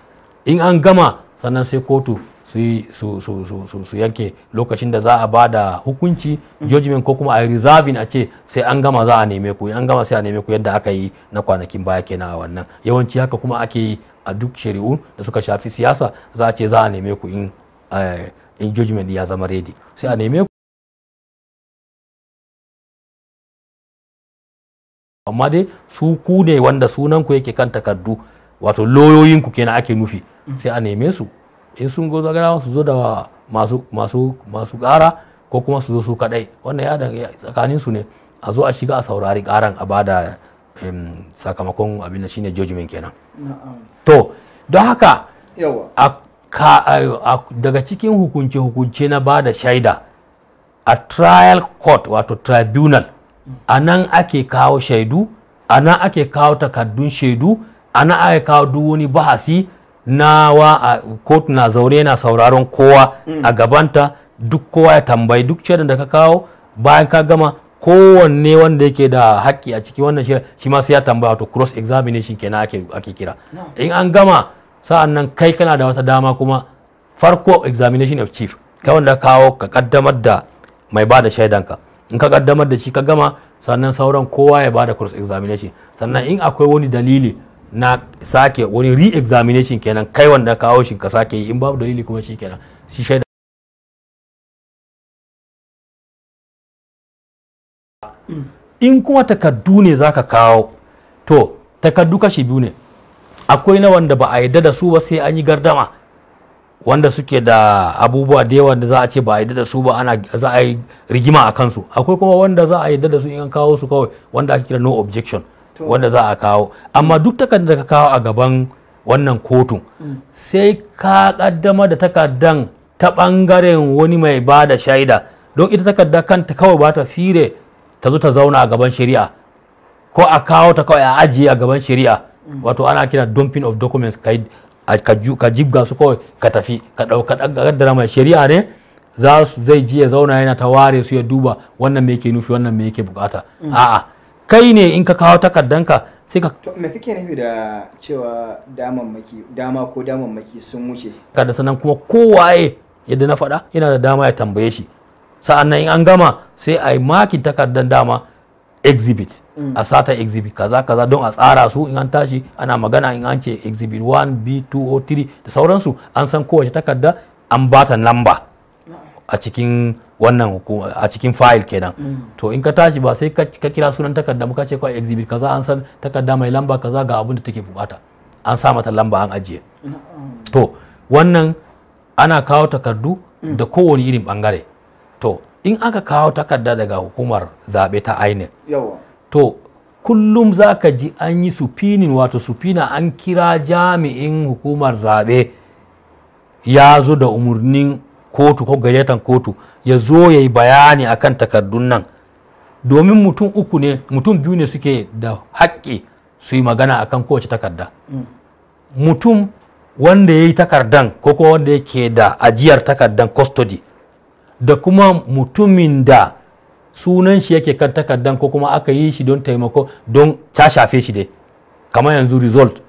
in an gama sannan sai kotu su yanke lokacin da za a ba da hukunci judgment ko kuma a reserving a ce sai an gama za a neme ku an gama sai a neme ku yadda aka yi na kwanakin baya kenan a wannan yawanci haka kuma ake yi a duk shari'un da suka shafi siyasa za a ce za a neme ku in eh, in judgment ya zama ready sai a neme amma dai su ku ne wanda sunan ku yake kan takardu wato loyoyin ku kenan ake nufi sai a neme su in sun go zagara su zo da masu masu masu ƙara ko kuma su zo su kadai wannan ya daga tsakanin su ne a zo a shiga a saurari karan a bada sakamakon abin da shine judgment kenan to don haka daga cikin hukunce hukunce na bada shaida a trial court wato tribunal a nan ake kawo shaidu a nan ake kawo takardun shaidu a nan ake kawo duk wani bahasi na wa kotu na zaune yana sauraron kowa mm. a gabanta duk kowa ya tambayi duk shaidun da ka kawo bayan ka gama kowanne wanda yake da haƙƙi a ciki wannan shi shi ma sai ya tambaya wato cross examination kenan ake ake kira in an gama sa'an nan kai kana da wata dama kuma farko examination of chief kai wanda kawo ka kaddamar da mai ba da shaidanka in ka kaddamar da shi ka gama sannan sauran kowa ya bada cross examination sannan in akwai wani dalili na sake wani re-examination kenan kai wanda kawo shi ka sake yi in babu dalili kuma shi kenan shi shaida in kuma takardu ne za ka kawo to takardu kashi biyu ne akwai na wanda ba a yadda da su ba sai an yi gardama wanda suke da abubuwa da yawa da za a ce ba a yadda da su ba ana za a yi rigima a kansu akwai kuma wanda za a yadda da su in kawo su kawai wanda ake kira no objection wanda za a kawo amma duk takardar da ka kawo a gaban wannan kotun mm. sai ka kaddama da takardan ta bangaren wani mai ba da shaida don ita takarda kanta kawai ba ta fire ta zo ta zauna a gaban shari'a ko a kawo ta kawai a ajiye a gaban shari'a mm. wato ana kira dumping of documents kai ka jibga su kawai ka tafi ka ɗauka kaddara mai shari'a ne za su zai ji ya zauna yana ta ware su ya duba wannan me yake nufi wannan me yake bukata mm. a'a kai ne in ka kawo takardanka sai ka me kake nufi da cewa maki dama ko damammaki sun wuce kada sanan kuma kowaye yadda na faɗa yana da dama ya tambaye shi sa'an in an gama sai a yi makin takardan dama exhibit a sata exhibit kaza kaza don a tsara su in an tashi ana magana in an ce exhibit 1 b 3 da sauransu an san kowace takarda an bata lamba a cikin wannan a cikin fayil kenan mm. to in ka tashi ba sai ka kira sunan takarda muka ce kawai exhibit kaza an san takarda mai lamba kaza ga abin da take bukata an sa mata lamba an ajiye to wannan ana kawo takardu da kowane irin bangare in aka kawo takarda daga hukumar zaɓe ta inec to kullum za ka ji an yi supinin wato supina an kira jami'in hukumar zaɓe ya zo da umarnin kotu ko gayyatar kotu ya zo ya yi bayani a kan takardun nan domin mutum uku ne mutum biyu ne suke da haƙƙi su yi magana a kan kowace takarda mm. mutum wanda ya yi takardan ko kuma wanda yake da ajiyar takardan custody da kuma mutumin da sunan shi yake kan takardan ko kuma aka yi shi don taimako don ta shafe shi dai kamar yanzu result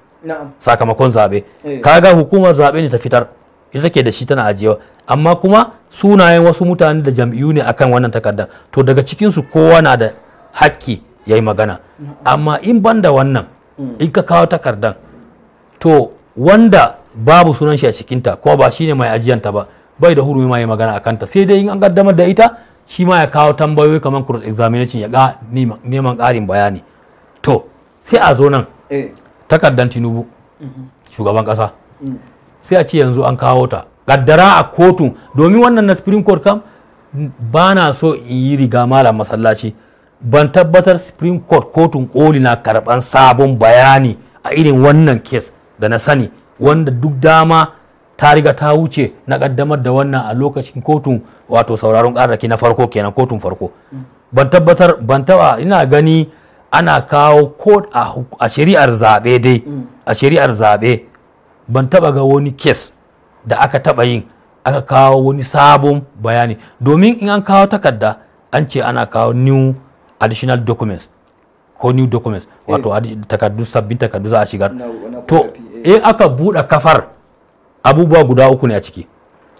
sakamakon zaɓe eh. kaga hukumar zaɓe ne ta fitar ita ke da shi tana ajiyewa amma kuma sunayen wasu mutane da jam'iyyu ne akan wannan takardan to daga cikinsu kowa na da hakki ya yi magana amma in banda wannan mm. in ka kawo takardan to wanda babu sunan shi a cikinta kuma ba shine mai ajiyanta ba bai da hurumi ma ya magana a kanta sai dai in an kaddamar da ita shi ma ya kawo tambayoyi kamar cross examination ya ga neman ƙarin bayani to sai a zo nan eh. takardar tinubu mhm. shugaban ƙasa mm. sai a ce yanzu an kawo ta kaddara a kotu domin wannan na supreme court kam ba na so in yi riga malam masallaci ban tabbatar supreme court kotun koli na karban sabon bayani a irin wannan kes da na sani wanda duk dama ta riga ta wuce na kaddamar da wannan a lokacin kotun wato sauraron ƙararraki na farko kenan kotun farko ban tabbatar ban taba ina gani ana kawo kot a shari'ar zabe dai mm. a shari'ar zaɓe ban taba ga wani kes da aka taba yin aka kawo wani sabon bayani domin in an kawo takarda an ce ana kawo new additional documents ko new documents wato eh. takardu sabbin takardu za a shigar to in aka buɗe kafar abubuwa guda uku ne a ciki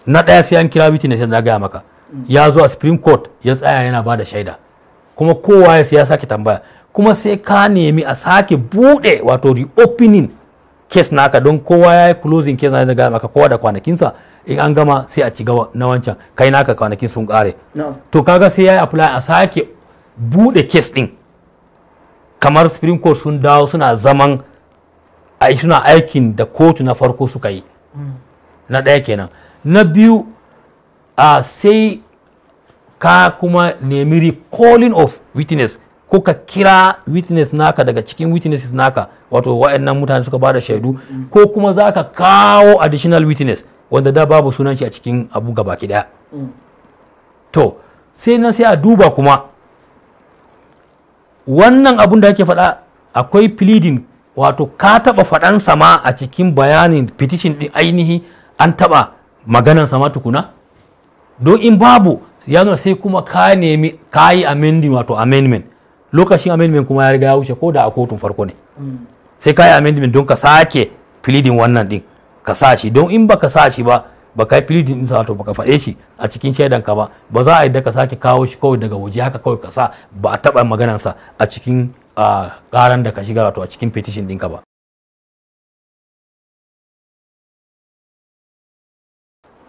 na ɗaya sai an kira mitin da gaya maka ya zo a supreme court ya tsaya yana ba da shaida kuma kowa ya sai ya sake tambaya kuma sai ka nemi a sake buɗe wato reopening case naka don kowa ya yi closing case na gaya maka kowa da kwanakinsa in an gama sai a ci gaba na wancan kai naka kwanakin sun kare to kaga sai ya yi apply a sake buɗe case ɗin kamar supreme court sun dawo suna zaman suna aikin da kotu na farko suka yi na ɗaya kenan na biyu a sai ka kuma nemi recalling of witness ko ka kira witness naka daga cikin witnesses naka wato wa'annan mutane suka bada shaidu ko kuma za ka kawo additional witness wanda da babu sunan shi a cikin abu ki daya to sai na sai a duba kuma wannan abun da ake faɗa akwai pleading wato ka taɓa faɗan sama a cikin bayanin petition ɗin ainihi an taba maganan sama tukuna don in babu ya nuna sai kuma ka nemi ka yi amending wato amendment lokacin amendment kuma ya riga ya wuce ko da a kotun farko ne mm. sai ka yi amendment don ka sake pleading wannan ɗin ka sa shi don in baka sa shi ba ba ka yi filidin ɗinsa wato baka faɗe shi a cikin shaidan ka ba ba za a yi da ka sake kawo shi kawai daga waje haka kawai ka sa ba a taɓa maganansa a cikin a karan da ka shiga wato a cikin petition ɗinka ba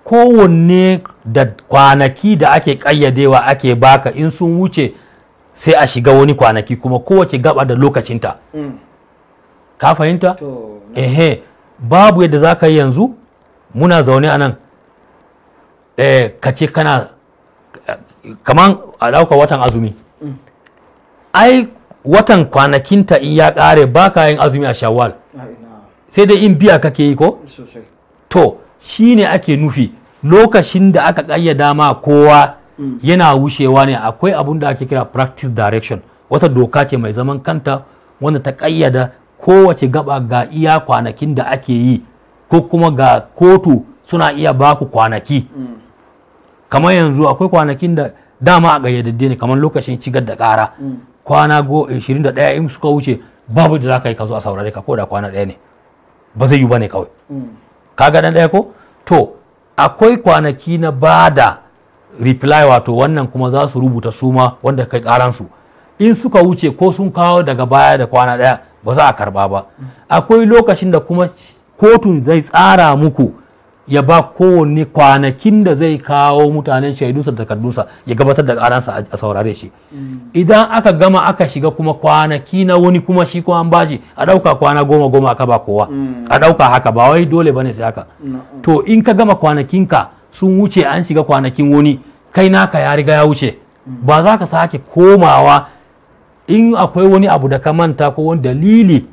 kowanne da kwanaki da ake ƙayyadewa ake baka in sun wuce sai a shiga wani kwanaki kuma kowace gaba da lokacinta ta mm. ka fahimta? ehe babu yadda za ka yi yanzu muna zaune a nan eh, ka ce kana eh, kaman a ɗauka watan azumi mm. ai watan kwanakinta in ya ƙare ba ka yin azumi a shawwal ah, sai dai in biya kake yi ko to shi ne ake nufi lokacin da aka ƙayyada ma kowa mm. yana wushewa ne akwai abun da ake kira practice direction wata doka ce mai zaman kanta wanda ta kayyada kowace gaba ga iya kwanakin da ake yi ko kuma ga kotu suna iya baku kwanaki mm. kamar yanzu akwai kwanakin da dama a ƙayyadadde ne kamar lokacin cigar da kara. Mm. kwana 21 in suka wuce babu da za ka yi ka zo a saurare ka ko da kwana ɗaya ne ba zai yi ba ne kawai ka ga ɗaya ko to akwai kwanaki na bada reply wato wannan kuma za su rubuta suma wanda kai karansu in suka wuce ko sun kawo daga baya da kwana ɗaya ba za a karba ba akwai lokacin da kuma kotun zai tsara muku ya ba kowanne kwanakin da zai kawo mutanen shaidunsa da takardunsa ya gabatar da karansa a saurare shi mm. idan aka gama aka shiga kuma kwanaki na wani kuma shi kuma an bashi a ɗauka kwana goma goma aka ba kowa mm. a ɗauka haka ba wai dole ne sai haka to in ka gama kwanakinka sun wuce an shiga kwanakin wani kai naka ya riga ya wuce mm. ba za ka sake komawa in akwai wani abu da ka manta ko wani dalili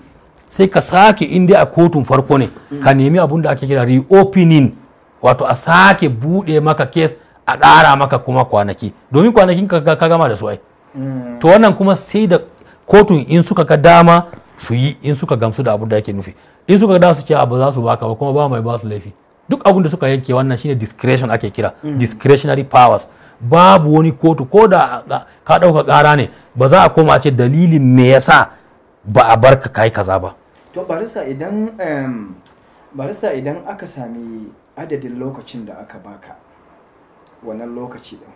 sai ka sake inda a kotun farko ne ka nemi abun da ake kira reopening wato a sake bude maka kes a ɗara maka kuma kwanaki domin kwanakin ka gama da su ai mm. to wannan kuma sai da kotun in suka ka dama su yi in suka gamsu da abun da ake nufi in suka dama su ce abu za su baka ba kuma ba mai ba su laifi duk abun da suka yanke wannan shine discretion ake kira mm. discretionary powers babu wani kotu ko da ka ɗauka ƙara ne ba za a koma ce dalilin me yasa ba a barka kai kaza ba to barista idan barista idan aka sami adadin lokacin da aka baka wannan lokaci din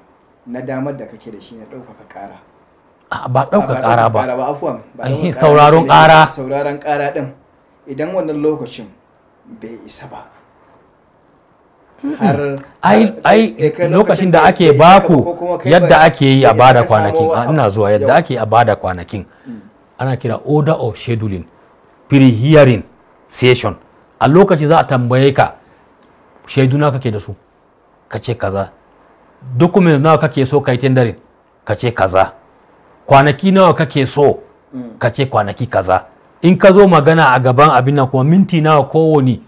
na damar da kake da shi ne ɗaukaka ƙara ba ɗaukaka ƙara ba ba sauraron ƙara sauraron ƙara din idan wannan lokacin bai isa ba ai ai lokacin da ake baku yadda ake yi a bada kwanakin ina zuwa yadda ake a bada kwanakin mm. ana kira order of scheduling pre-hearing session a lokaci za a tambaye ka shaidu na kake da su ka ce kaza document nawa kake so ka yi tendering ka ce kaza kwanaki nawa kake so ka ce kwanaki kaza in ka zo magana a gaban abin nan kuma minti nawa kowani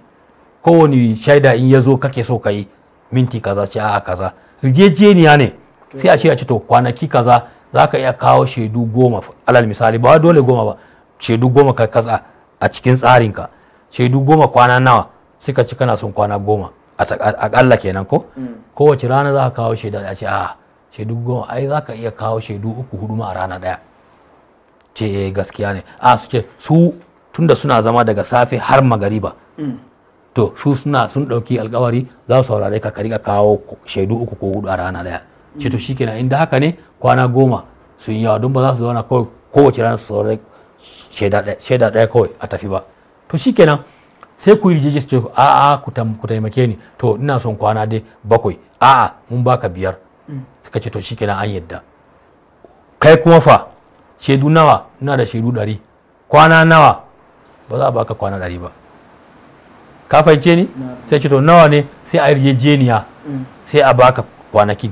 kowani shaida in ya zo kake so ka yi minti kaza ce a kaza rijejeniya ne sai a ce a ce to kwanaki kaza za ka iya kawo shaidu goma alal misali ba dole goma ba shaidu goma ka kaza a cikin tsarinka shaidu goma kwana nawa suka ci kana son kwana goma a akalla kenan ko mm. kowace rana za ka kawo shaidu a ce a shaidu goma ai za ka iya kawo shaidu uku hudu ma a rana daya ce eh, gaskiya ne a su ce su tunda suna zama daga safe har magariba mm. to su suna sun ɗauki alkawari za su saurare ka ka kawo shaidu uku ko hudu a rana daya ce to shikenan inda haka ne kwana goma sun yawa don ba za su zauna kowace rana su saurare shaida ɗaya kawai a tafi ba to shikenan sai ku yi rijiyoyi su a a'a ku taimake ni to ina son kwana dai bakwai a'a mun baka biyar mm. suka ce to shikenan an yadda kai kuma fa shaidu nawa ina da shaidu ɗari kwana nawa ba za a baka kwana ɗari ba ka fahimce ni sai ce to nawa ne sai a yarjejeniya mm. sai a baka kwanakin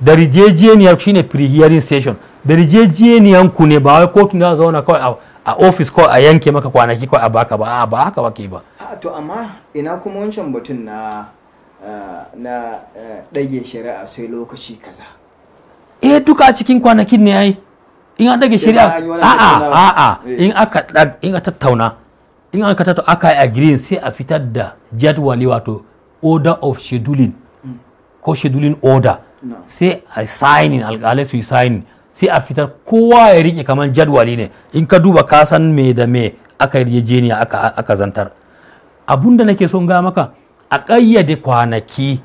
da rijejeniya shine pre-hearing session da rijejeniyan ku ne ba wai kotu na zauna kawai a ofis ko a yanke maka kwanaki ko a baka ba a ba haka wake ba to amma ina kuma wancan batun na eh, na dage eh, shari'a sai lokaci kaza eh duka a cikin kwanakin ne yayi in an dage shari'a a a eh. in aka in aka tattauna in aka tattauna aka yi agreeing sai a fitar da jadwali wato order of scheduling mm. ko scheduling order sai a signing alƙalai su yi signing sai a fitar kowa ya rike kamar jadwali ne in ka duba ka san me da me aka yarjejeniya aka aka zantar abun da nake son ga maka a ƙayyade kwanaki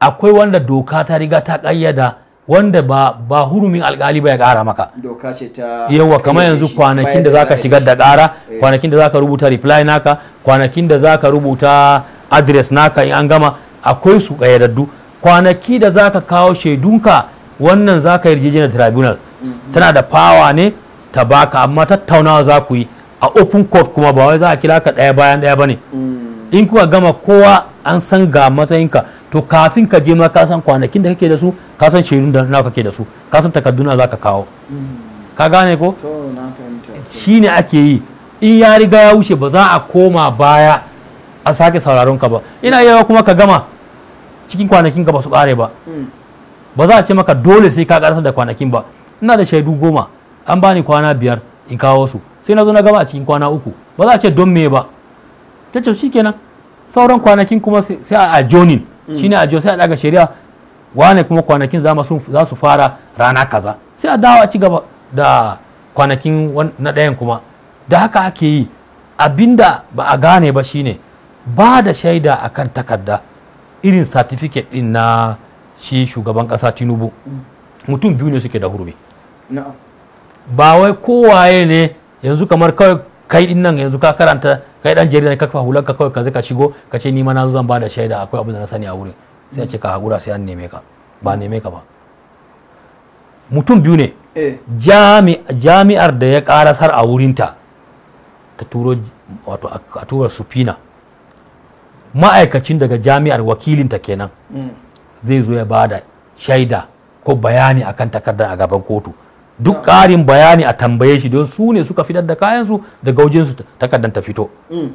akwai wanda doka ta riga ta ƙayyada wanda ba ba hurumin alƙali ba ya ƙara maka doka ce ta yawa kamar yanzu kwanakin da zaka shigar da ƙara eh. kwanakin da zaka rubuta reply naka kwanakin da zaka rubuta address naka in an gama akwai su ƙayyadaddu kwanaki da zaka kawo shaidunka wannan za ka yarjejeniya tribunal tana da fawa ne ta baka amma tattaunawa za ku yi a open court kuma ba wai za a kira ka ɗaya bayan ɗaya ba ne mm. in kuka gama kowa an san ga matsayinka to kafin ka je ma ka san kwanakin da kake da su ka san shirin da nawa kake da su ka san takarduna za ka kawo mm. ka gane ko shi ne ake yi in ya riga ya wuce ba za a koma baya a sake sauraron ka ba ina yawa kuma ka gama cikin kwanakin ka ba su kare ba mm. ba za a ce maka dole sai ka karasar da kwanakin ba ina da shaidu goma an bani kwana biyar in kawo su sai na zo na gama a cikin kwana uku ba za a ce don me ba ta ce kenan sauran kwanakin kuma sai a ajonin shine ajo sai a daga mm. shari'a wane kuma kwanakin za su fara rana kaza sai a dawo a ci gaba da kwanakin na ɗayan kuma da haka ake yi abinda ba a gane ba shine ba da shaida akan takarda irin certificate din na shi shugaban kasa tinubu mutum biyu ne suke da hurbi ba wai kowaye ne yanzu kamar kawai kai din nan yanzu ka karanta kai dan jarida ne ka kafa hulanka kawai ka zaka shigo ka ce ni ma na zo zan bada shaida akwai abin da na sani a wurin sai a ce ka hakura sai an neme ka ba neme ka ba mutum biyu ne eh. jami'ar da ya karasar a wurinta ta turo wato a tura supina ma'aikacin daga jami'ar wakilinta kenan mm. zai zo ya bada shaida ko bayani akan takardar a gaban kotu duk ƙarin bayani a tambaye shi don su ne suka fitar da kayansu daga su takardar ta fito mm.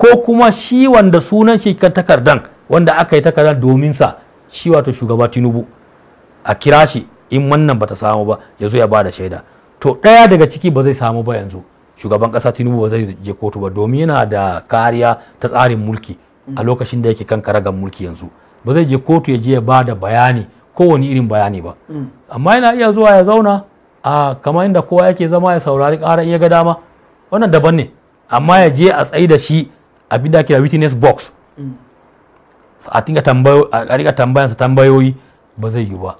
ko kuma shi wanda sunan shi kan takardan wanda aka yi takardar domin sa shi wato shugaba tinubu a kira shi in wannan bata samu ba ya zo ya bada shaida to ɗaya daga ciki ba zai samu ba yanzu shugaban ƙasa tinubu ba zai je kotu ba domin yana da kariya ta tsarin mulki a mm. lokacin da yake kan karagan mulki yanzu ba zai je kotu ya je ya da bayani kowane irin bayani ba mm. amma yana iya zuwa ya zauna a kamar inda kowa yake zama ya saurari kara iya ga dama wannan daban ne amma ya je a tsayi da shi a da kira witness box mm. a rika tambayansa tambayoyi ba zai yi ba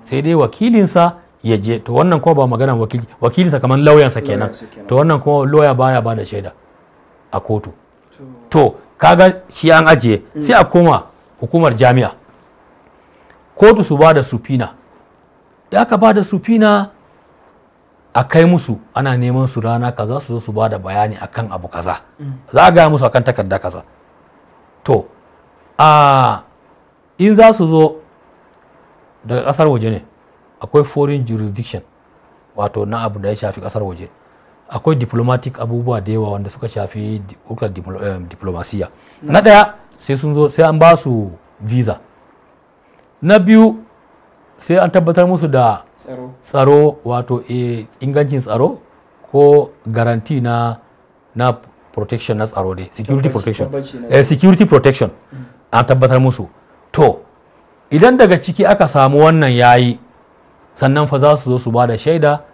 sai dai wakilinsa ya je to wannan kuma ba magana wakili wakilinsa kamar lauyansa kenan to wannan kuma loya baya ba da shaida a kotu to kaga shi an ajiye mm. sai a koma hukumar jami'a kotu su ba da sufina ya ka ba da sufina a kai musu ana neman su rana kaza su zo su ba da bayani akan abu kaza za a gaya musu akan takarda kaza to a in za su zo daga kasar waje ne akwai foreign jurisdiction wato na abu da ya shafi kasar waje akwai diplomatic abubuwa da yawa wanda suka shafi hukar eh, diplomasiya na ɗaya sai sun zo sai an ba su visa na biyu sai an tabbatar musu da tsaro wato eh, ingancin tsaro ko garanti na protection na tsaro dai security protection eh, security protection mm. an tabbatar musu to idan daga ciki aka samu wannan yayi sannan fa za su zo su ba da shaida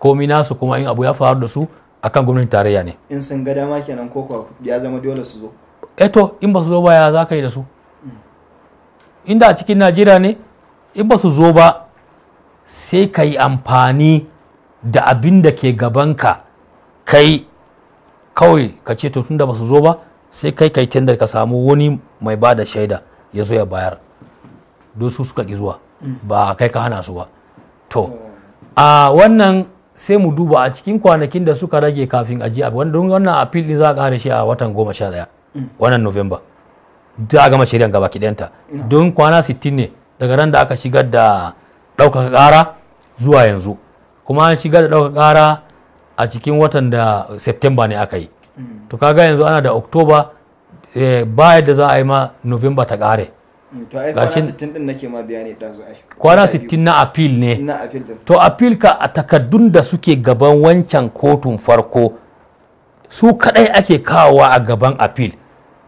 komi nasu kuma in abu ya faru da su akan gwamnatin tarayya ne in sun ga dama kenan ko ya zama dole su zo eto in ba su zo ba ya za ka yi da su inda a cikin najeriya ne in ba su zo ba sai ka yi amfani da abin da ke ka kai kawai ka ce to tunda ba su zo ba sai kai kai tendar ka samu wani mai ba da shaida ya zo ya bayar don su suka ki zuwa ba kai ka hana su ba to a wannan sai mu duba a cikin kwanakin da suka rage kafin aji ji don wannan appeal din za a kare shi a watan goma sha ɗaya wannan november za a gama shari'ar gaba kidanta don kwana 60 ne daga ran da aka shigar da ɗaukaka ƙara zuwa yanzu kuma an shigar da ɗaukaka ƙara a cikin watan da september ne aka yi mm. to kaga yanzu ana da october eh, ba yadda za a yi ma november ta ƙare mm, ai kwana 60 na appeal ne to appeal ka a takaddun da suke gaban wancan kotun farko su kadai ake kawowa a gaban appeal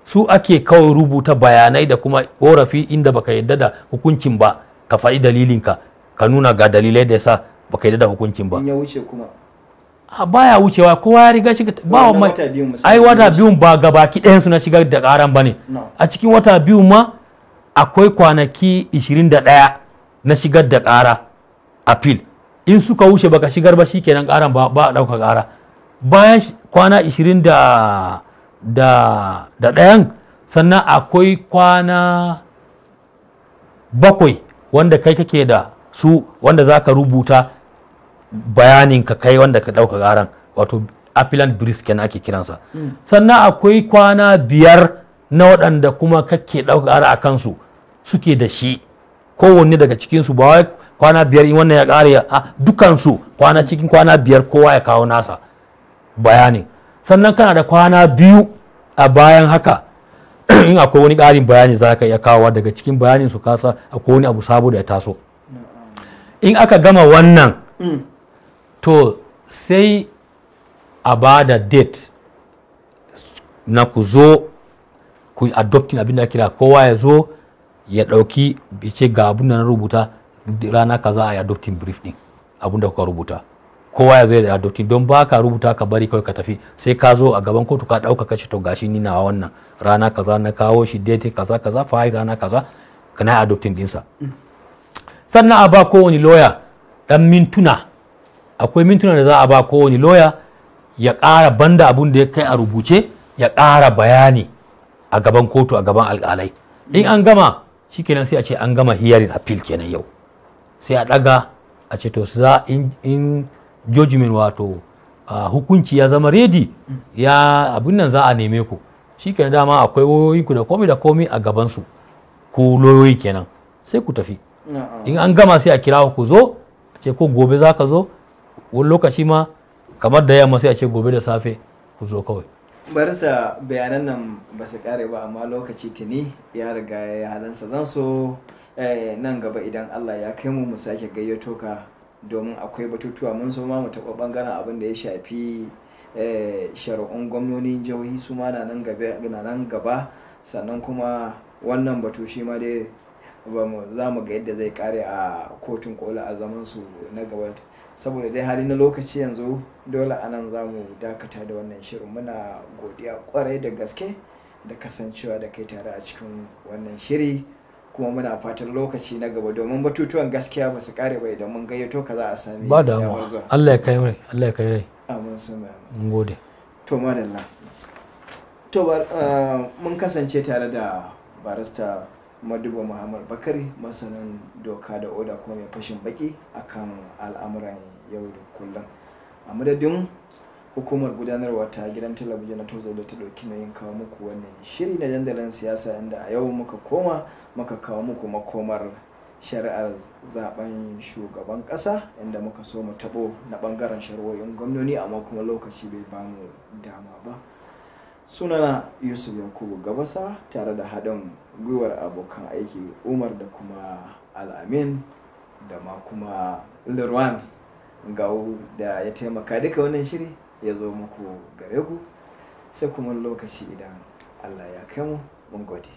su ake kawo rubuta bayanai da kuma korafi inda baka yadda da hukuncin ba ka faɗi dalilinka ka nuna ga dalilai da yasa baka yadda da hukuncin ba ya wuce kuma a baya wucewa kowa ya riga shiga ba wa mai ai wata biyun ba gabaki ɗayan su na shiga da karan ne a cikin wata biyu ma akwai kwanaki 21 na shigar da kara appeal in suka wuce baka shigar ba shikenan karan ba ba dauka kara bayan kwana ishirin da da ɗayan sannan akwai kwana bakwai wanda kai kake da su wanda za ka rubuta bayanin ka kai wanda ka ɗauka garan wato appelant brief ake kiransa mm. sannan akwai kwana biyar na waɗanda kuma kake ɗauka gara a kansu suke da shi kowanne daga cikinsu ba wai kwana biyar in wannan ya ƙare a dukansu kwana cikin kwana biyar kowa ya kawo nasa bayanin sannan kana da kwana biyu a bayan haka in akwai wani ƙarin bayani za ka iya kawo daga cikin bayanin su kasa akwai wani abu sabo da ya taso in aka gama wannan mm. to sai a ba da date na ku zo ku adoptin abin da kira kowa ya zo ya ɗauki ce ga abin da na rubuta rana kaza a adopting brief din abin da kuka rubuta kowa ya zo da adopti don ba ka rubuta ka bari kawai ka tafi sai ka zo a gaban kotu ka ɗauka kashi to gashi ni na wannan rana kaza na kawo shi date kaza kaza fa rana kaza kana adoptin dinsa sannan a ba kowani lawyer dan mintuna akwai mintuna da za a ba kowani lawyer ya ƙara banda abun da ya kai a rubuce ya ƙara bayani a gaban kotu a gaban alƙalai in an gama shikenan sai a ce an gama hearing appeal kenan yau sai a ɗaga a ce to za in judgment wato hukunci ya zama redi ya abin nan za a neme ku shi kenan dama akwai ku da komai da komi a gabansu ku loyoyi kenan sai ku tafi in an gama sai a kira ku zo a ce ko gobe za ka zo wani lokaci ma kamar da yamma sai a ce gobe da safe ku zo kawai barisa bayanan nan ba su kare ba amma lokaci tuni ya riga ya halansa zan so eh, nan gaba idan allah ya kai mu mu sake gayyato ka domin akwai batutuwa mun so ma mu taɓa ɓangaren abin da ya shafi eh, shari'un gwamnonin jihohi su ma na nan gaba sannan kuma wannan batu shi ma dai ba mu za mu ga yadda zai kare a kotun koli a zaman su na gaba saboda dai hali na lokaci yanzu dole a nan za mu dakata da wannan shirin muna godiya kwarai da gaske da kasancewa da kai tare a cikin wannan shiri kuma muna fatan lokaci na gaba domin batutuwan gaskiya ba su kare ba idan mun gayyato ka za a sami ba da Allah ya kai rai Allah ya kai rai amin su mun gode to madalla to eh, mun kasance tare da barista maduba muhammad bakari masanin doka da oda kuma mai fashin baki akan al'amuran yau da kullum a madadin hukumar gudanarwa ta gidan talabijin na tozo da ta na yin kawo muku wannan shiri na dandalin siyasa inda a yau muka koma muka kawo muku makomar shari'ar zaben shugaban ƙasa inda muka so mu taɓo na ɓangaren shari'o'in gwamnoni amma kuma lokaci bai ba mu dama ba sunana yusuf yakubu gabasa tare da haɗin gwiwar abokan aiki umar da kuma al'amin da ma kuma lirwan gawo da ya taimaka duka wannan shiri ya zo muku gare ku sai kuma lokaci idan allah ya kai mu mun gode